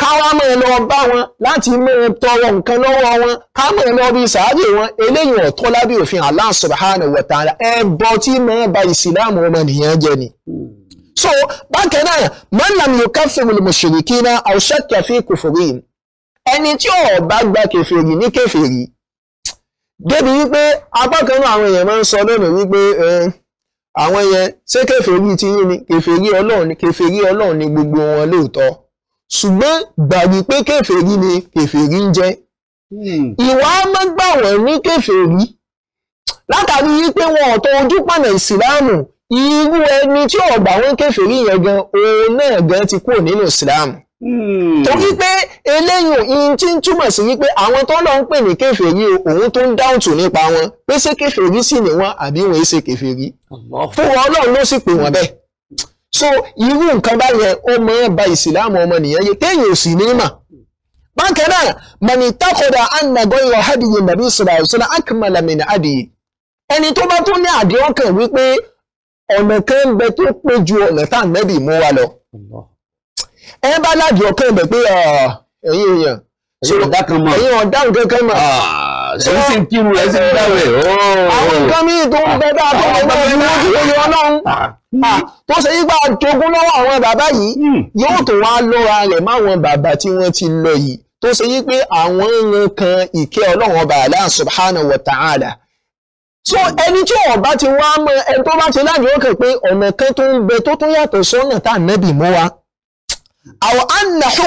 káwá máa lọ bá wọn láti máa tọrọ nǹkan lọ́wọ́ wọn ká máa lọ bí sàárè wọn eléyìí ọ̀tọ̀ lábẹ́ òfin Allah subhanahu wa ta'ala so bákan náà mọ́nàm yóò káfíìmù lùmùsùlùkì náà ọ̀ṣẹ́ kẹfì kùfùrì ẹni tí ò bá gba kẹfìrì ní kẹfìrì débi wípé apákanú àwọn èèyàn máa ń sọ lónìí wípé àwọn yẹn ṣé kẹfìrì ti yín ni kẹfìrì ọlọ́run ni kẹfìrì ọlọ́run ni gbogbo wọn lóòótọ́ ṣùgbọ́n gbàgbé pé kẹfìrì ni kẹfìrì ń jẹ́ hmm. ìwà amọ́gbàwọ̀ ní kẹfìrì látàrí wípé wọn ò tọ ojú pọ̀nà ìsìláàmù irú ẹni tí ọgbà wọn kèfèrí yẹn gan òun náà gan ti kúrò nínú Islam hmm. torí pé eléyìn ohun tí ń túmọ̀ sí wípé àwọn tó lọ ń pè ní kèfèrí òun tó ń dáùtù nípa wọn pé ṣé sì ni wọn àbí wọn ṣe kèfèrí fún wọn Ọlọ́run ló sì pè wọ́n bẹ́ẹ̀ so irú nǹkan báyẹn ó máa ba Islam ọmọnìyàn yẹ téèyàn ò sì mà bákan náà ọ̀nà kan ń bẹ tó pé ju ọ̀nà tá ànábì mú wa lọ. ẹ bá láàdì ọkàn bẹ pé ah, ẹ̀yin èèyàn ẹ̀yin ọ̀dà kan mọ̀ ẹ̀yin ọ̀dà kankan mọ̀. ẹ̀yin ah, sì ń kírun ẹ̀ sì ń dáwẹ̀. Eh, oh. àwọn nǹkan míì tó ń bẹ dáa tó ń bẹ ju ojú ojú ọlọ́run ah. Hmm. tó ṣe yí pa jogún lọ́wọ́ àwọn bàbá yìí hmm. yóò tó wá lọ́ra rẹ̀ máwọn bàbá tí wọ́n ti lọ yìí tó ṣe yí pé àwọn ń kan ìkẹ́ ọlọ́run ọba Allah subhanahu wa ta'ala so ẹni tí ọba bá ti wá mọ ẹni tó bá ti láàyè òkè pé ọ̀nà kan tó ń bẹ tó tún yàtọ̀ sọ́nà tá à nẹ́bì mú wa àwọn àna wípé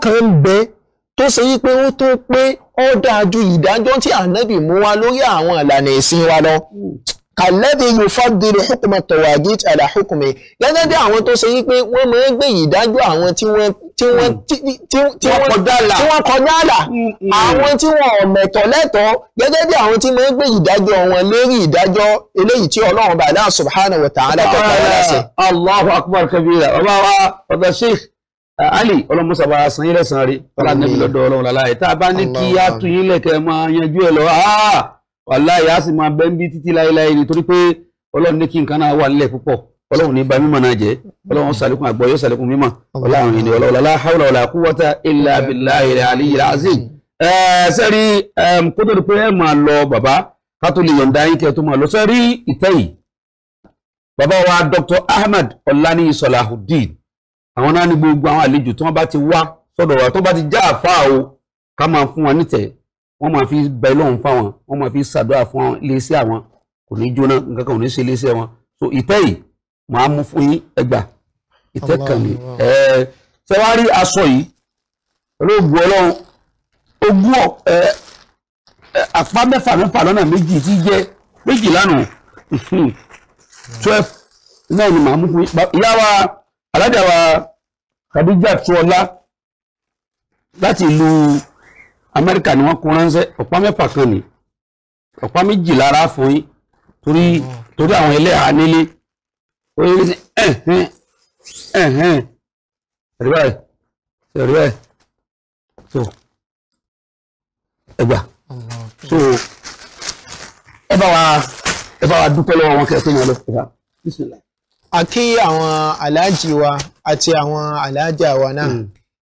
kan bẹ tó ṣe wípé ó tó pé ó ìdájọ́ tí wa lórí àwọn ìlànà ìsìn wa lọ kàlẹ́bí yóò fọ́dúró hukuma tọ̀wájú àlà hukumi gẹ́gẹ́ bí àwọn tó ṣe wípé wọ́n máa ń gbé ìdájọ́ àwọn wọ́n tí wọ́n kọjá àlà hmm, hmm. àwọn tí wọ́n ọ̀mẹ̀tọ̀ lẹ́tọ̀ọ́ gẹ́gẹ́ bí àwọn tí wọ́n gbé ìdájọ́ wọn lórí ìdájọ́ eléyìí tí ọlọ́run bá aláà subhanahu wa ta'ala tó kọ́ lẹ́sẹ̀. Ah, Allahu akbar kabira bàbá wa bàbá sheikh ah, ali ọlọmọsà bá san yín lẹ́sàn rí ọlá nàbí lọ́dọ̀ ọlọ́run láláyé tá a bá ní kí á tún yín lẹ̀kẹ́ máa yanjú ẹ̀ lọ ah, wàláyé á sì máa bẹ́ńbí títí láéláé nítorí pé ọlọ́run ní kí nǹkan náà wà nílẹ̀ púpọ̀ ọlọ́run ní ba mímọ̀ náà jẹ́ ọlọ́run sàlékún àgbọ̀ yóò sàlékún mímọ̀ ọlọ́run ìní ọlọ́run la hawla wala quwwata illa billahi al-aliyyil azim. sẹ́rí kótó ni pé ẹ máa lọ bàbá ká tó lè yọ̀ǹda yín kí ẹ tó máa lọ sẹ́rí ìtẹ́ yìí bàbá wa Dr. Ahmed Ọláníyì Salahuddin àwọn náà ní gbogbo àwọn àlejò tí wọ́n bá ti wá sọ́dọ̀ wa tó bá ti já àfáà o ká màá mú fún yín ẹgbà ìtẹ́kànnì ẹ ṣe wá rí aṣọ yìí olóògùn ọlọ́run ogún ẹ àpá mẹ́fà mẹ́fà lọ́nà méjì tí jẹ́ méjì lánàá hmm. twelve náà ni màá mú fún yín ìyá wa alájà wa Khadija tuọlá láti ìlú Amẹ́ríkà ni wọ́n kó ránṣẹ́ ọ̀pá mẹ́fà kan ní ọ̀pá méjì lára fún yín torí torí àwọn ẹlẹ́hàá nílé orí ní ẹ̀hìn ẹ̀hìn ẹ̀rí báyìí ẹ̀rí báyìí so ẹgbà so ẹ bá wa ẹ bá wa dúpẹ́ lọ́wọ́ wọn kẹ́kẹ́ yẹn lọ ẹ̀ka a kí àwọn aláàjì wa àti àwọn aláàjà wa náà mm.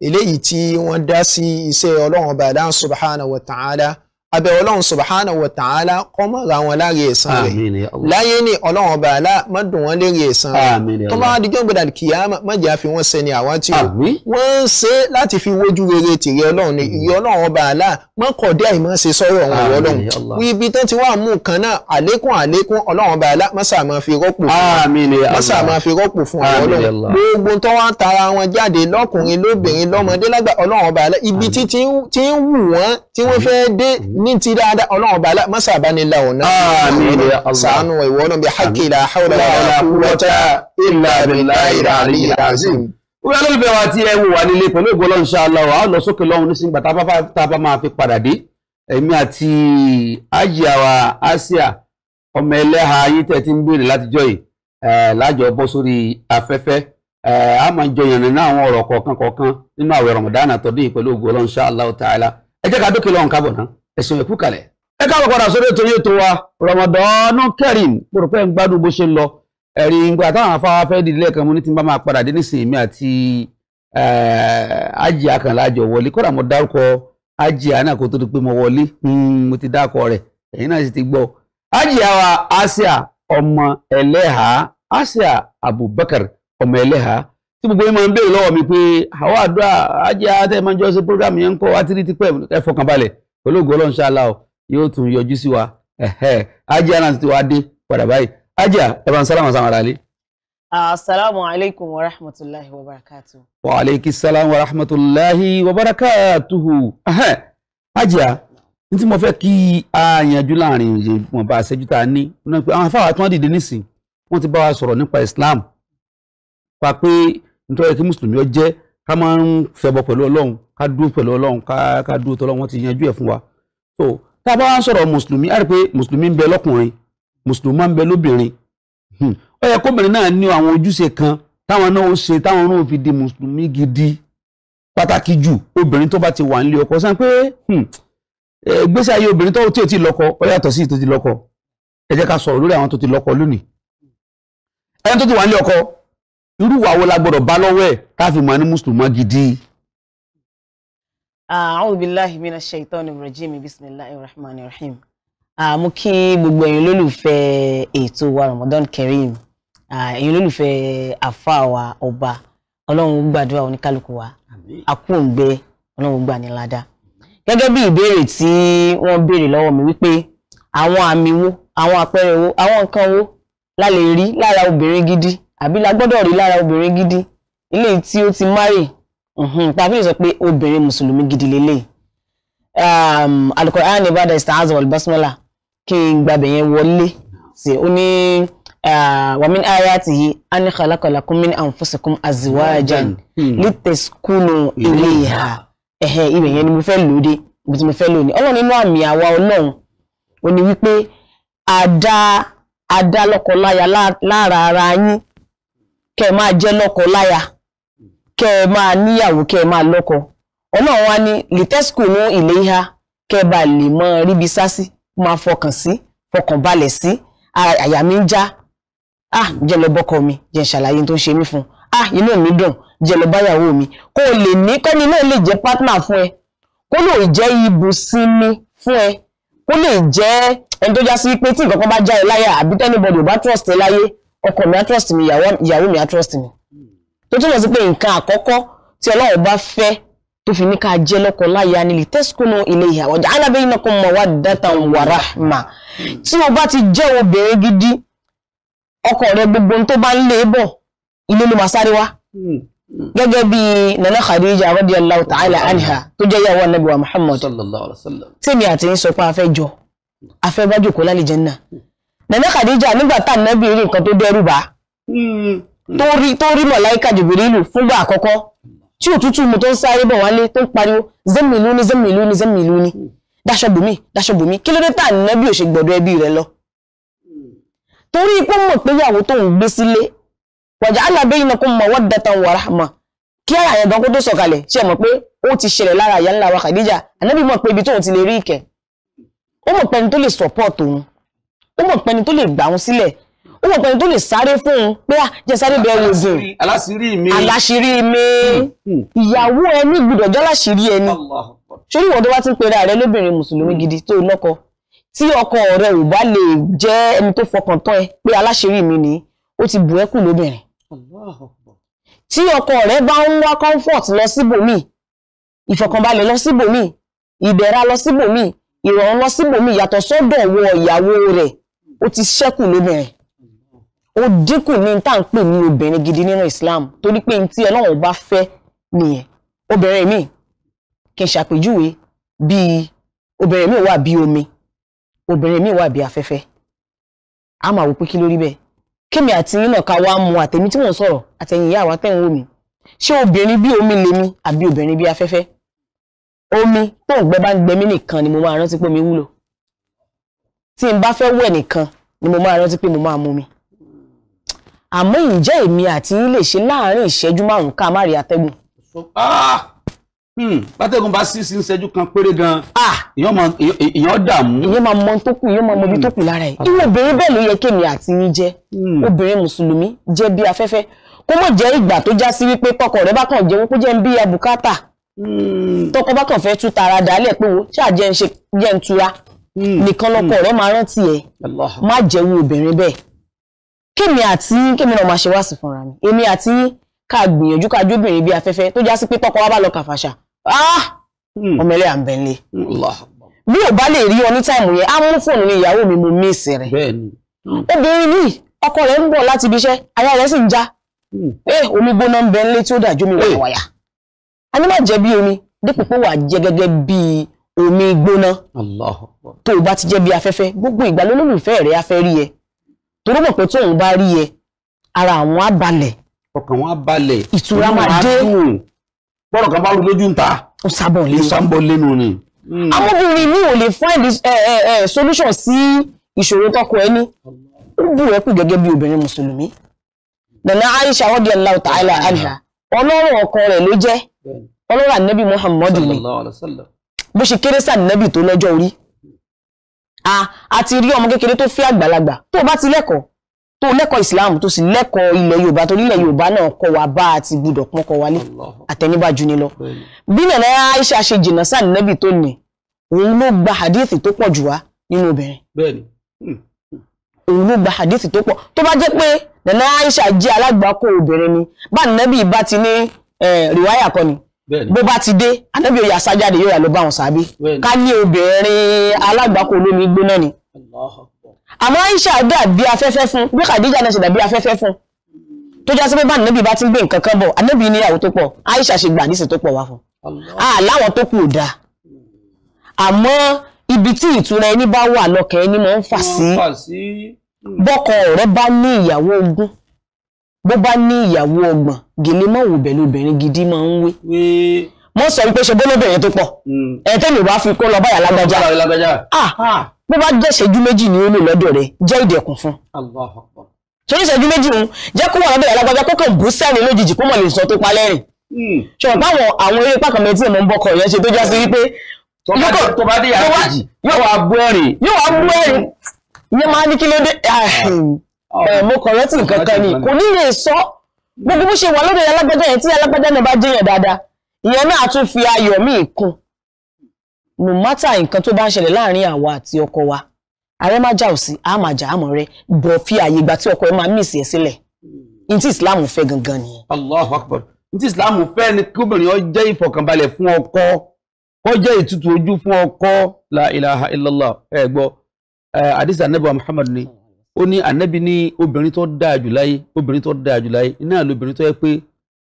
eléyìí tí wọ́n dá sí iṣẹ́ ọlọ́run ọba aláǹ subhanahu wa ta'ala abẹ́ ọlọ́run subhanahu wa ta'ala kọ́ mọ́ ra wọn láre ẹ̀san rẹ̀ láyé ní ọlọ́run ọba àlá má dùn wọ́n lérè ẹ̀san rẹ̀ tó bá wọn dijọ́ gbọdọ̀ kìyàmá má jẹ́ àfi wọ́n sẹ́ni àwátì o wọ́n ń ṣe láti fi wojú rere tìrẹ ọlọ́run ní ìrẹ ọlọ́run ọba àlá má kọ̀ dé àìmọ́ ṣe sọ́rọ̀ wọn ìrẹ ọlọ́run wí ibi tó ti wá mú kan náà àlékún àlékún ọlọ́run ọba àlá má sà máa fi rọ́pò má sà máa fi rọ́pò fún ọlọ́run gbogbo tó wá ní ti dáadáa ọlọ́run ọba mọ́sá àbánilá ọ̀nà sànù ìwọ náà bí hákìlá hawla wala quwwata illa billahi aliyyil azim. wíwá lólùfẹ́ wa tí ẹ wò wá nílé pẹ̀lú ìgbọ́ lọ́n ṣá lọ àwọn lọ sókè lọ́hùn nísìnyí gbà tá a bá máa fi padà dé èmi àti ajiawa asia ọmọ ẹlẹ́ha ayé tẹ̀ ti ń béèrè látijọ́ yìí lájọ bọ́ sórí afẹ́fẹ́ a máa jọ jẹ́ ká dókè lọ́hùn kábọ̀ náà ẹ̀sìn òkú kalẹ̀ ẹ káàbọ̀ padà sórí ètò wa Ramadan Kareem gbọ́dọ̀ pé ń gbádùn bó ṣe ń lọ ẹ̀rí ń gbà táwọn afáwá fẹ́ dìde lẹ́ẹ̀kan mo ní ti bá máa padà dé nísìnyí mi àti eh, ájì akànlá àjọ wọlé kódà mo dárúkọ ájì àná kó tó di pé mo wọlé hmm, mo ti dákọ rẹ̀ ẹ̀yin náà sì ti gbọ́ ájì àwa Asia ọmọ ẹlẹ́hà Asia Abubakar ọmọ ẹlẹ́hà tí gbogbo yín máa ń béèrè lọ́wọ́ mi pé àwọn àdúrà ájì àtẹ̀ máa ń jọ ṣe program yẹn ń kọ́ wá títí pẹ́ ẹ fọkàn balẹ̀ olóògùn ọlọ́run ṣáàlà o yóò tún yọjú sí wa ajé aná ti wá dé padà báyìí ajá ẹ bá ń sálámà sáwọn ará ilé. asalaamu alaykum wa rahmatulahi wa barakatuhu. wa aleyki salaam wa rahmatulahi wa barakatuhu. ajá ní tí mo fẹ́ kí a yanjú láàrin ìyẹn wọn bá aṣẹ́jú tá a ní àwọn afáwà tí wọ́n dìde nísìn wọ́n ti bá wa sọ̀rọ̀ nípa Islam pa pé nítorí kí mùsùlùmí ó jẹ́ ká máa ń ṣẹbọ pẹ̀lú ọlọ́run ká dúró pẹ̀lú ọlọ́run ká dúró tọ́lọ́run wọ́n ti yanjú ẹ̀ fún wa so tá a bá wá ń sọ̀rọ̀ mùsùlùmí á rí i pé mùsùlùmí ń bẹ lọ́kùnrin mùsùlùmí ń bẹ lóbìnrin hmm. ó yẹ kóbìnrin náà ní àwọn ojúṣe kan táwọn náà ó ṣe táwọn náà ó fi di mùsùlùmí gidi pàtàkì jù obìnrin tó bá ti wà nílé ọkọ sáà pé hmm, gbèsè ayé obìnrin tó tí ò tí ì lọ́kọ ó yàtọ̀ sí tó ti lọ́kọ ẹ jẹ́ ká sọ̀rọ̀ lórí àwọn tó ti lọ́kọ lónìí ẹni tó ti wà nílé ọkọ irú ìwà wo la gbọ́dọ̀ bá lọ́wọ́ ẹ̀ ká fi ní mùsùlùmọ́ gidi. a'udhu billahi minash shaitani rajim bisimilahi rahman rahim mo kí gbogbo ẹ̀yin olólùfẹ́ ètò wa Ramadan Kareem ẹ̀yin olólùfẹ́ àfa wa ọba ọlọ́run gbàdúrà oníkálukú wa akóǹgbẹ ọlọ́run gbà ní ládàá gẹ́gẹ́ bí ìbéèrè tí wọ́n béèrè lọ́wọ́ mi wípé àwọn àmì wo àwọn àpẹẹrẹ wo àwọn nǹkan wo la rí lára obìnrin gidi àbí la gbọ́dọ̀ rí lára obìnrin gidi eléyìí tí ó ti márì mhm, tàbí lè sọ pé obìnrin mùsùlùmí gidi lélẹ̀ Al-Qur'an ní ba'da isti'aza wal basmala kí n gbàbẹ̀ yẹn wọlé sí ó ní wa min ayatihi an khalaqa lakum min anfusikum azwajan hmm. litaskunu ilayha ẹ̀hẹ̀ ibẹ̀ yẹn ni mo fẹ́ lòde ibi tí mo fẹ́ lò ní ọlọ́run nínú àmì àwa ọlọ́run ó ní wípé àdá àdá lọ́kọláya lára ara yín kẹ́ ẹ máa jẹ́ lọ́kọ láya kẹ́ ẹ máa níyàwó kẹ́ ẹ máa lọ́kọ ọlọ́run wa ní lìtẹ́sùkù ní ilé ìhà kẹ́ ẹ bá lè mọ ríbi sásí máa fọkàn sí fọkàn balẹ̀ sí àyà mi ń já ah jẹ́ lọ bọ́kọ mi jẹ́ ṣàlàyé tó ń ṣe mí fún ah inú mi dùn jẹ́ báyàwó mi kó o lè ní kọ́ni náà lè jẹ́ pátánà fún ẹ kó lè jẹ́ ibùsínmi fún ẹ kó lè jẹ́ ẹni tó já sí pé tí nǹkan kan bá já ẹ láyà àbí tẹ́nibọ̀dì bá trust ẹ láyé ọkọ mi á trust mi ìyàwó mi á trust mi tó túmọ̀ sí pé nǹkan àkọ́kọ́ tí ọlọ́run bá fẹ́ tó fi ní ká jẹ́ lọ́kọ láya nílì tẹ́sùkúnú ilé ìhà ọjà alábẹ́ iná kan mọ̀ wá dáta wà ráhmà tí o bá ti jẹ́ obìnrin gidi ọkọ rẹ gbogbo tó bá ń lé e bọ̀ ilé ló máa sáré wá gẹ́gẹ́ bí nana Khadija radiyallahu ta'ala anha tó jẹ́ ìyàwó anabiwa Muhammad sallallahu alaihi wasallam tèmi àti yín sọ pé a fẹ́ jọ a fẹ́ bá jòkó lálẹ́ jẹ́ náà nana Khadija nígbà tá ànábì rí nǹkan tó dẹ́rù bá hmm. tó rí tó rí mọ̀láìkà jìbìrìlù fúngbà àkọ́kọ́ tí òtútù mu tó ń sáré bọ̀ wálé tó ń pariwo zẹ́mìlú ni zẹ́mìlú ni zẹ́mìlú ni dáṣọ bùnmi dáṣọ bùnmi kí ló dé tá ànábì ò ṣe gbọ̀dọ̀ ẹbí rẹ lọ. torí pé mọ̀ pé ìyàwó tó ń gbé sílé wàjà alábẹ́ iná kó mọ mawaddatan wa rahma kí ara mọ̀ pé ó ti mọ̀ pé ibi tóun tó ó mọ̀ pẹ́ni tó lè gbà wọn sílẹ̀ ó mọ̀ pẹ́ni tó lè sáré fún un pé à ah, jẹ́ sáré bẹ́ẹ̀ wò dùn aláṣírí mi hmm, hmm. ìyàwó ẹni gbọ́dọ̀ jẹ́ aláṣírí ẹni ṣórí ìwọ́n tó wá ti ń pera rẹ lóbìnrin mùsùlùmí gidi tó lọ́kọ tí ọkọ rẹ ò bá lè jẹ́ ẹni tó fọkàn tán ẹ pé aláṣírí mi ni ó ti bù ẹ́ kù lóbìnrin tí ọkọ rẹ bá ń wá comfort lọ síbòmíì ìfọkànbalẹ̀ lọ síbòmíì ìdẹ̀ra lọ síbòmíì ìrọ̀rùn lọ síbòmíì yàtọ̀ sọ́dọ̀ wọ ìyàwó rẹ̀ ó ti ṣẹ́kù lóbìnrin ó dínkù ní tá à ń pè ní obìnrin gidi nínú Islam torí pé tí Ọlọ́run bá fẹ́ nìyẹn obìnrin mi kì í ṣàpèjúwe bíi obìnrin mi wà bíi omi obìnrin mi wà bíi afẹ́fẹ́ a máa wò pé kí ló rí bẹ́ẹ̀ kémi àti yín náà ká wá mu àtẹ̀mí tí mò ń sọ̀rọ̀ àtẹ̀yìn ìyá àwa tẹ̀ ń ṣé obìnrin bí omi lèmi àbí obìnrin bí afẹ́fẹ́ omi tó ń gbẹ bá ń gbẹ nìkan ni mo máa rántí pé omi wúlò tí n bá fẹ́ wẹ̀ nìkan ni mo máa rántí pé mo máa mú mi àmọ́ ǹjẹ́ èmi àti yín lè ṣe láàárín ìṣẹ́jú márùn-ún ká má rí atẹ́gùn. látẹ́gùn ah! hmm, bá sí sí ìṣẹ́jú kan péré gan-an ah! èèyàn dààmú. èèyàn máa mọ tó kù èèyàn máa mọ ibi tó kù lára ẹ̀. irú obìnrin bẹ́ẹ̀ ló yẹ kémi àti yín jẹ́ hmm. obìnrin mùsùlùmí jẹ́ bí afẹ́fẹ́ kó mọ̀ jẹ́ ìgbà tó já sí wípé tọkọ rẹ̀ bá kàn jẹun kó jẹ́ ń bí abùkátà hmm. tọkọ bá kàn fẹ́ tú tara dálẹ̀ pé wo ṣáà jẹ́ ń tura Hmm. nìkan lọ́kọ ọ̀rọ̀ máa rántí ẹ̀ má jẹ́wọ́ obìnrin bẹ́ẹ̀ kémi àti kémi náà máa ṣe wá sí fúnra mi èmi àti ká gbìyànjú ká jóbìnrin bí afẹ́fẹ́ tó já sí pé tọkọ wa bá lọ kàfàṣà ah! hmm. ọmọ ẹlẹ́yà ń bẹ̀ ń lé bí ò bá lè rí ọ ní táìmù yẹn á mú fóònù ní ìyàwó mi mo mí ìsìn rẹ̀ hmm. obìnrin ní ọkọ rẹ̀ ń bọ̀ láti ibi iṣẹ́ aya rẹ̀ sì ń já eh, omi gbóná ń bẹ ń lé tí ó dàjú mi wàyàwàyà eh. a ní má jẹ bí omi dípò pé wà jẹ gẹ́gẹ́ bíi omi gbóná tó o bá ti jẹ́ bí afẹ́fẹ́ gbogbo ìgbà lólùfẹ́ rẹ̀ afẹ́ rí ẹ torí mọ̀ pé tóun bá rí ẹ ara àwọn á ìtura máa dé bọ́rọ̀ kan bá rú lójú ta ó lẹ́nu ni. amóbìnrin hmm. mi ò lè find eh, eh, eh, solution sí ìṣòro tọkọ ẹ ó bù ẹ pè gẹ́gẹ́ bí obìnrin mùsùlùmí nana Aisha radiyallahu ta'ala anha ọlọ́rọ̀ ọkọ rẹ̀ ló jẹ́ ọlọ́rọ̀ ànábì Muhammadu ni bó ṣe kéré sànẹ́bì tó lọ́jọ́ orí a ti rí ọmọ kékeré tó fẹ́ àgbàlagbà tó bá ti lẹ́kọ̀ọ́ tó lẹ́kọ̀ọ́ Islam tó sì lẹ́kọ̀ọ́ ilẹ̀ Yorùbá torí ilẹ̀ Yorùbá náà kọ́ wa bá àti gbúdọ̀ pọ́n kọ́ wálé àtẹnibájú ni lọ bí nana Aisha ṣe jìnnà sànẹ́bì tó nì òun ló gba hadith tó pọ̀ jù wá nínú obìnrin òun ló gba hadith tó pọ̀ tó bá jẹ́ pé nana Aisha jẹ́ alágbàákò obìnrin ni bá nẹ́bì bá ti ní eh, rìwáyà kọ́ bó bá ti dé anábì òye àsájáde yóò yà lọ bá wọn sàbí ká ní obìnrin alágbàkọ olómi gbóná ni àmọ́ Aisha dàbí afẹ́fẹ́ fún bí Khadija náà ṣe dàbí afẹ́fẹ́ fún tó já sí pé báyìí anábì bá ti ń gbé nǹkan kan bọ̀ anábì níyàwó tó pọ̀ Aisha ṣe gbà nísì tó pọ̀ wá fún aláwọ̀ tó kù ò dáa àmọ́ ibi tí ìtura ẹni bá wà lọ́kàn ẹni máa ń fà sí bọ́kọ ọ̀rẹ́ bá ní ìyàwó ogún bó bá ní ìyàwó ọgbọ̀n gèlè mọ́ wò bẹ̀ lóbìnrin gidi máa ń wé. mo sọ wípé ṣe bólóbìnrin tó pọ̀ hmm. ẹ̀ tẹ́lẹ̀ wá fi kó lọ báyà lágbájá ah! bó bá jẹ́ ìṣẹ́jú méjì ni ó lò lọ́dọ̀ rẹ̀ jẹ́ ìdẹ̀kùn fún. torí ìṣẹ́jú méjì ń jẹ́ kó wà lọ́dọ̀ lágbájá kó kàn bú sẹ́rin lójijì kó mọ̀ lè sọ tó pa lẹ́rìn. Hmm. ṣùgbọ́n báwọn àwọn eré pàkànmẹ́ tí èèmọ̀ ń bọ́kọ̀ yẹn ṣe tó já sí wípé. tó bá dé yàrá kejì yóò wá bú ẹ̀rìn. yóò wá bú ẹ̀rìn ìyẹn máa ní kí ló dé ah. Ah. mo correct nǹkan kan ni kò ní lè sọ gbogbo se ṣe wà lórí alágbájá yẹn tí alágbájá náà bá jẹyàn dáadáa ìyẹn náà tún fi ayọ̀ míì kún no matter nǹkan tó bá ń ṣẹlẹ̀ láàrin àwa àti ọkọ wa ààrẹ má já òsì á má já àmọ́ rẹ bọ̀ fi àyè ìgbà tí ọkọ ẹ máa mísì ẹ sílẹ̀ ní tí Islam fẹ́ gangan nìyẹn. Allahu Akbar ní tí Islam fẹ́ ni kí obìnrin ó jẹ́ ìfọ̀kànbalẹ̀ fún ọkọ kó jẹ́ ìtutù ojú fún ọkọ la ilaha illallah ẹ gbọ́ àdìsí anábọ̀ Muhammad ni ó ní ànábì ní obìnrin tó dáa jù láyé obìnrin tó dáa jù láyé iná lóbìnrin tó yẹ pé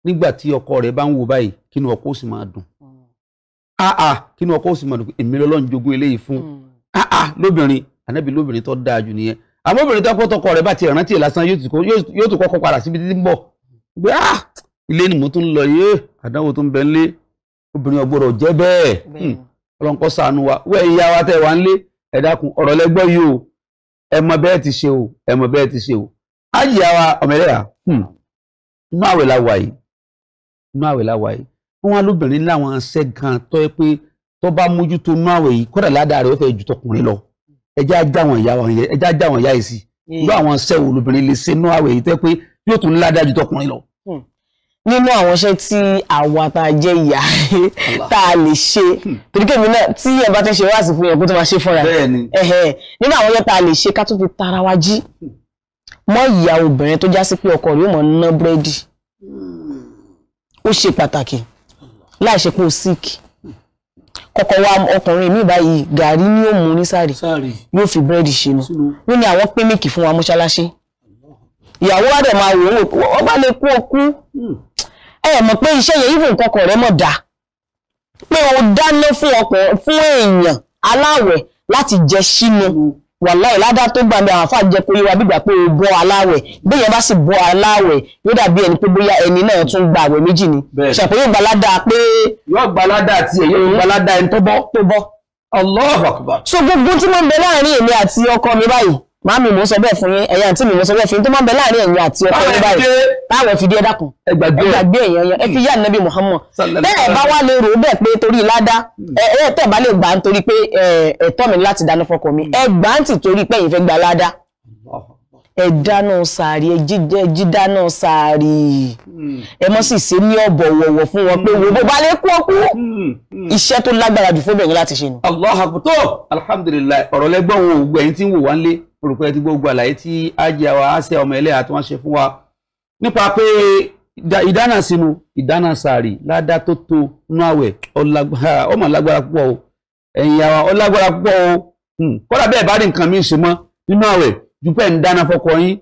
nígbà tí ọkọ rẹ̀ bá ń wo báyìí kí ni ọkọ ó sì máa dùn hmm. àà kí ni ọkọ ó sì máa dùn èmi lọ́lọ́run jogún eléyìí fún hmm. àà lóbìnrin ànábì lóbìnrin tó dáa jù nìyẹn àmọ́ obìnrin tó kọ́ tọkọ rẹ̀ bá ti rántí ẹ̀ lásán yóò tún kọ́kọ́ padà síbi títí ń bọ̀ pé ah ilé ni mo tún lọ yé eh, àdánwò tó ń bẹ ńlé obìnrin ọgbọ́dọ̀ jẹ́ bẹ́ẹ̀ hmm. ọlọ́nkọ́ ṣàánú wa wẹ́ẹ̀ ìyá wa tẹ̀ wá ńlé ẹ dákun ọ̀rọ̀ lẹ́gbọ́ yìí o ẹ mọ bẹ́ẹ̀ ti ṣe o ẹ mọ bẹ́ẹ̀ ti ṣe o ájì àwa ọmọlẹ́yà hmm, inú àwẹ̀ la wà yìí inú àwẹ̀ la wà yìí wọn lóbìnrin láwọn ṣẹ́ gan tó yẹ pé tó bá mójútó inú àwẹ̀ yìí kódà ládàá rẹ̀ ó fẹ́ ju tọkùnrin lọ ẹjẹ́ ajá wọn ìyá wọn yẹn ẹjẹ́ ajá wọn ìyá yìí sí irú hmm. àwọn ṣẹ́ wo lóbìnrin lè ṣe inú àwẹ̀ yìí tó yẹ pé yóò tún ládàá ju tọkùnrin lọ hmm nínú àwọn iṣẹ́ tí àwa tá a jẹ́ ìyá tá a lè ṣe hmm. torí kèmí náà tí ẹ bá ti ṣe wáàsí fún yẹn kó tó máa ṣe fúnra nínú àwọn iṣẹ́ tá a lè ṣe ká tó fi tara wa jí hmm. mọ́ ìyá obìnrin tó já sí pé ọkọ rẹ̀ ó mọ̀ ná búrẹ́dì hmm. ó ṣe pàtàkì láì ṣe pé ó sick kọ́kọ́ wa ọkùnrin mi báyìí gàrí ni ó ní sáré yóò fi búrẹ́dì ṣe nu nínú àwọn pé fún wa mọ́ṣáláṣí ìyàwó wa dẹ̀ máa wò ó ọba lè kú okú hmm. ẹ mọ̀ pé iṣẹ́ yẹn ìfò kọkọ̀ rẹ mọ̀ dá pé o dáná fún ọkọ̀ fún èèyàn aláwẹ̀ láti jẹ sínú hmm. wàláì ládá tó gbà mí àwọn àfáà jẹ pé wíwá bígbà pé o bọ́ aláwẹ̀ béèyàn bá sì bọ́ aláwẹ̀ yóò dàbí ẹni pé bóyá ẹni náà tún gba àwẹ̀ méjì ni ṣàpè yóò gba ládá pé. yóò gba ládá àti èyí yóò gba hmm. ẹni tó bọ́. tó bọ́. Allahu Akbar. so gbogbo tí mo ń bẹ láàrin èmi àti ọkọ mi báyìí màámi mo sọ bẹ́ẹ̀ fún yín ẹ̀yà àǹtí mi mo sọ bẹ́ẹ̀ fún yín tó máa ń bẹ láàrin ẹ̀yin àti ọkùnrin báyìí táwọn fi dé ẹ̀dá kan ẹgbàgbé èèyàn yẹn ẹ fi yá nàbí Muhammad bẹ́ẹ̀ bá wá lè rò ó bẹ́ẹ̀ pé torí ládá hmm. ẹ tẹ̀ bá lè gbà ń torí pé ẹ̀tọ́ mi láti dáná fọkọ mi hmm. ẹ gbà ń tì torí pé ìfẹ́ gba ládá ẹ dáná sàárì ẹ jídáná sàárì hmm. ẹ mọ́ sì ṣe ní ọ̀bọ̀ wọ̀wọ̀ fún wọn pé wo bá lè kú ọkú iṣẹ́ tó lágbára jù fóbìnrin láti ṣe nù. Allah àkùtọ̀ alhamdulilayi ọ̀rọ̀ lẹ́gbọ́n wo ògbẹ́yìn tí ń wò wá ń lé olùkọ́ ti gbogbo àlàyé tí ájẹ́ wa àṣẹ ọmọ ẹlẹ́yà tí wọ́n ṣe fún wa nípa pé ìdáná sínú ìdáná sàárì ládá tó tó nú àwẹ̀ ọmọ lágbára púpọ̀ o ẹ̀yìn àwa ọlágbára púpọ̀ o hmm, kọ́dà bẹ́ẹ̀ bá rí nǹkan mi ṣe mọ́ nínú àwẹ̀ ju pé ń dáná fọkọ yín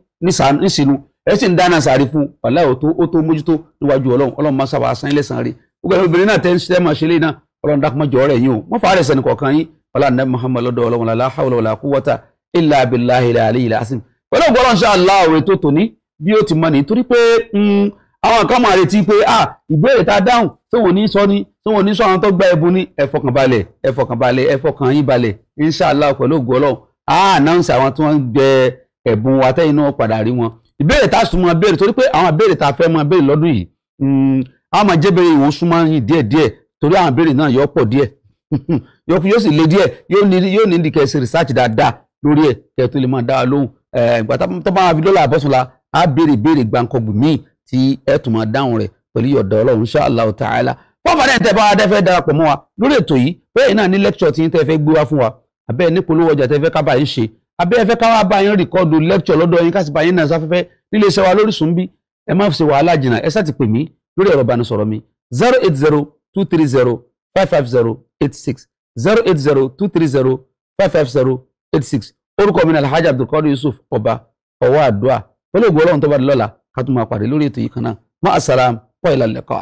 nísìnú ẹ sì ń dáná sàárì fún wàhálà ó tó ó tó mójútó níwájú ọlọ́run ọlọ́run máa sábà san ilé san rí gbogbo obìnrin náà tẹ́ ń ṣiṣẹ́ máa ṣe lé náà ọlọ́run ilà abilà ilà àlè ilà asim pẹ̀lú ògbọ́n ọ̀ṣà aláwọ̀ ètò tòní bí ó ti mọ ní torí pé mm, àwọn kan máa retí pé ah ìbéèrè tá a dáhùn tí wọn ò ní sọ ni tí wọn ò ní sọ àwọn tó gba ẹbùn ní ẹ fọkàn balẹ̀ ẹ fọkàn balẹ̀ ẹ fọkàn yín balẹ̀ inshàlá pẹ̀lú ògbọ́n ọlọ́run a announce àwọn tí wọ́n ń gbẹ ẹ̀bùn wa náà padà rí wọn ìbéèrè tá mm, a súnmọ́ lórí ẹ̀ kẹ́ tó lè máa dá a lóhùn eh, ìgbà tó bá fi dọ́là àbọ̀sùnla á béèrè béèrè gbàǹkọ̀gbù míì tí ẹ tún máa dáhùn rẹ̀ pẹ̀lú yọ̀dọ̀ ọlọ́run insha Allah ta'ala fọ́nfà náà tẹ́ bá wa dẹ́fẹ́ darapọ̀ mọ́ wa lórí ètò yìí bẹ́ẹ̀ náà ní lẹ́kṣọ̀ tí tẹ́ fẹ́ gbé wá fún wa abẹ́ nípolówó ọjà tẹ́ fẹ́ ká bá yín ṣe abẹ́ ẹ fẹ́ ká wá bá yín rìkọ́dù lẹ́kṣọ̀ lọ́dọ̀ yín kásìbá yín náà sáfẹ́fẹ́ nílé iṣẹ́ wa lóríṣun bí ẹ má ṣe wàhálà jìnnà ẹ sáà pè mí lórí ẹ̀rọ ìbánisọ̀rọ̀ mi zero eight zero two three zero five five zero eight six zero eight zero two three zero five five zero eight six orúkọ mi ni alhaji abdulkadir yusuf ọba ọwọ́ àdúrà pẹ̀lú ògbó ọlọ́run tó bá di lọ́la ká tún máa pàdé lórí ètò yìí kan náà má asalaam wa ilal liqa.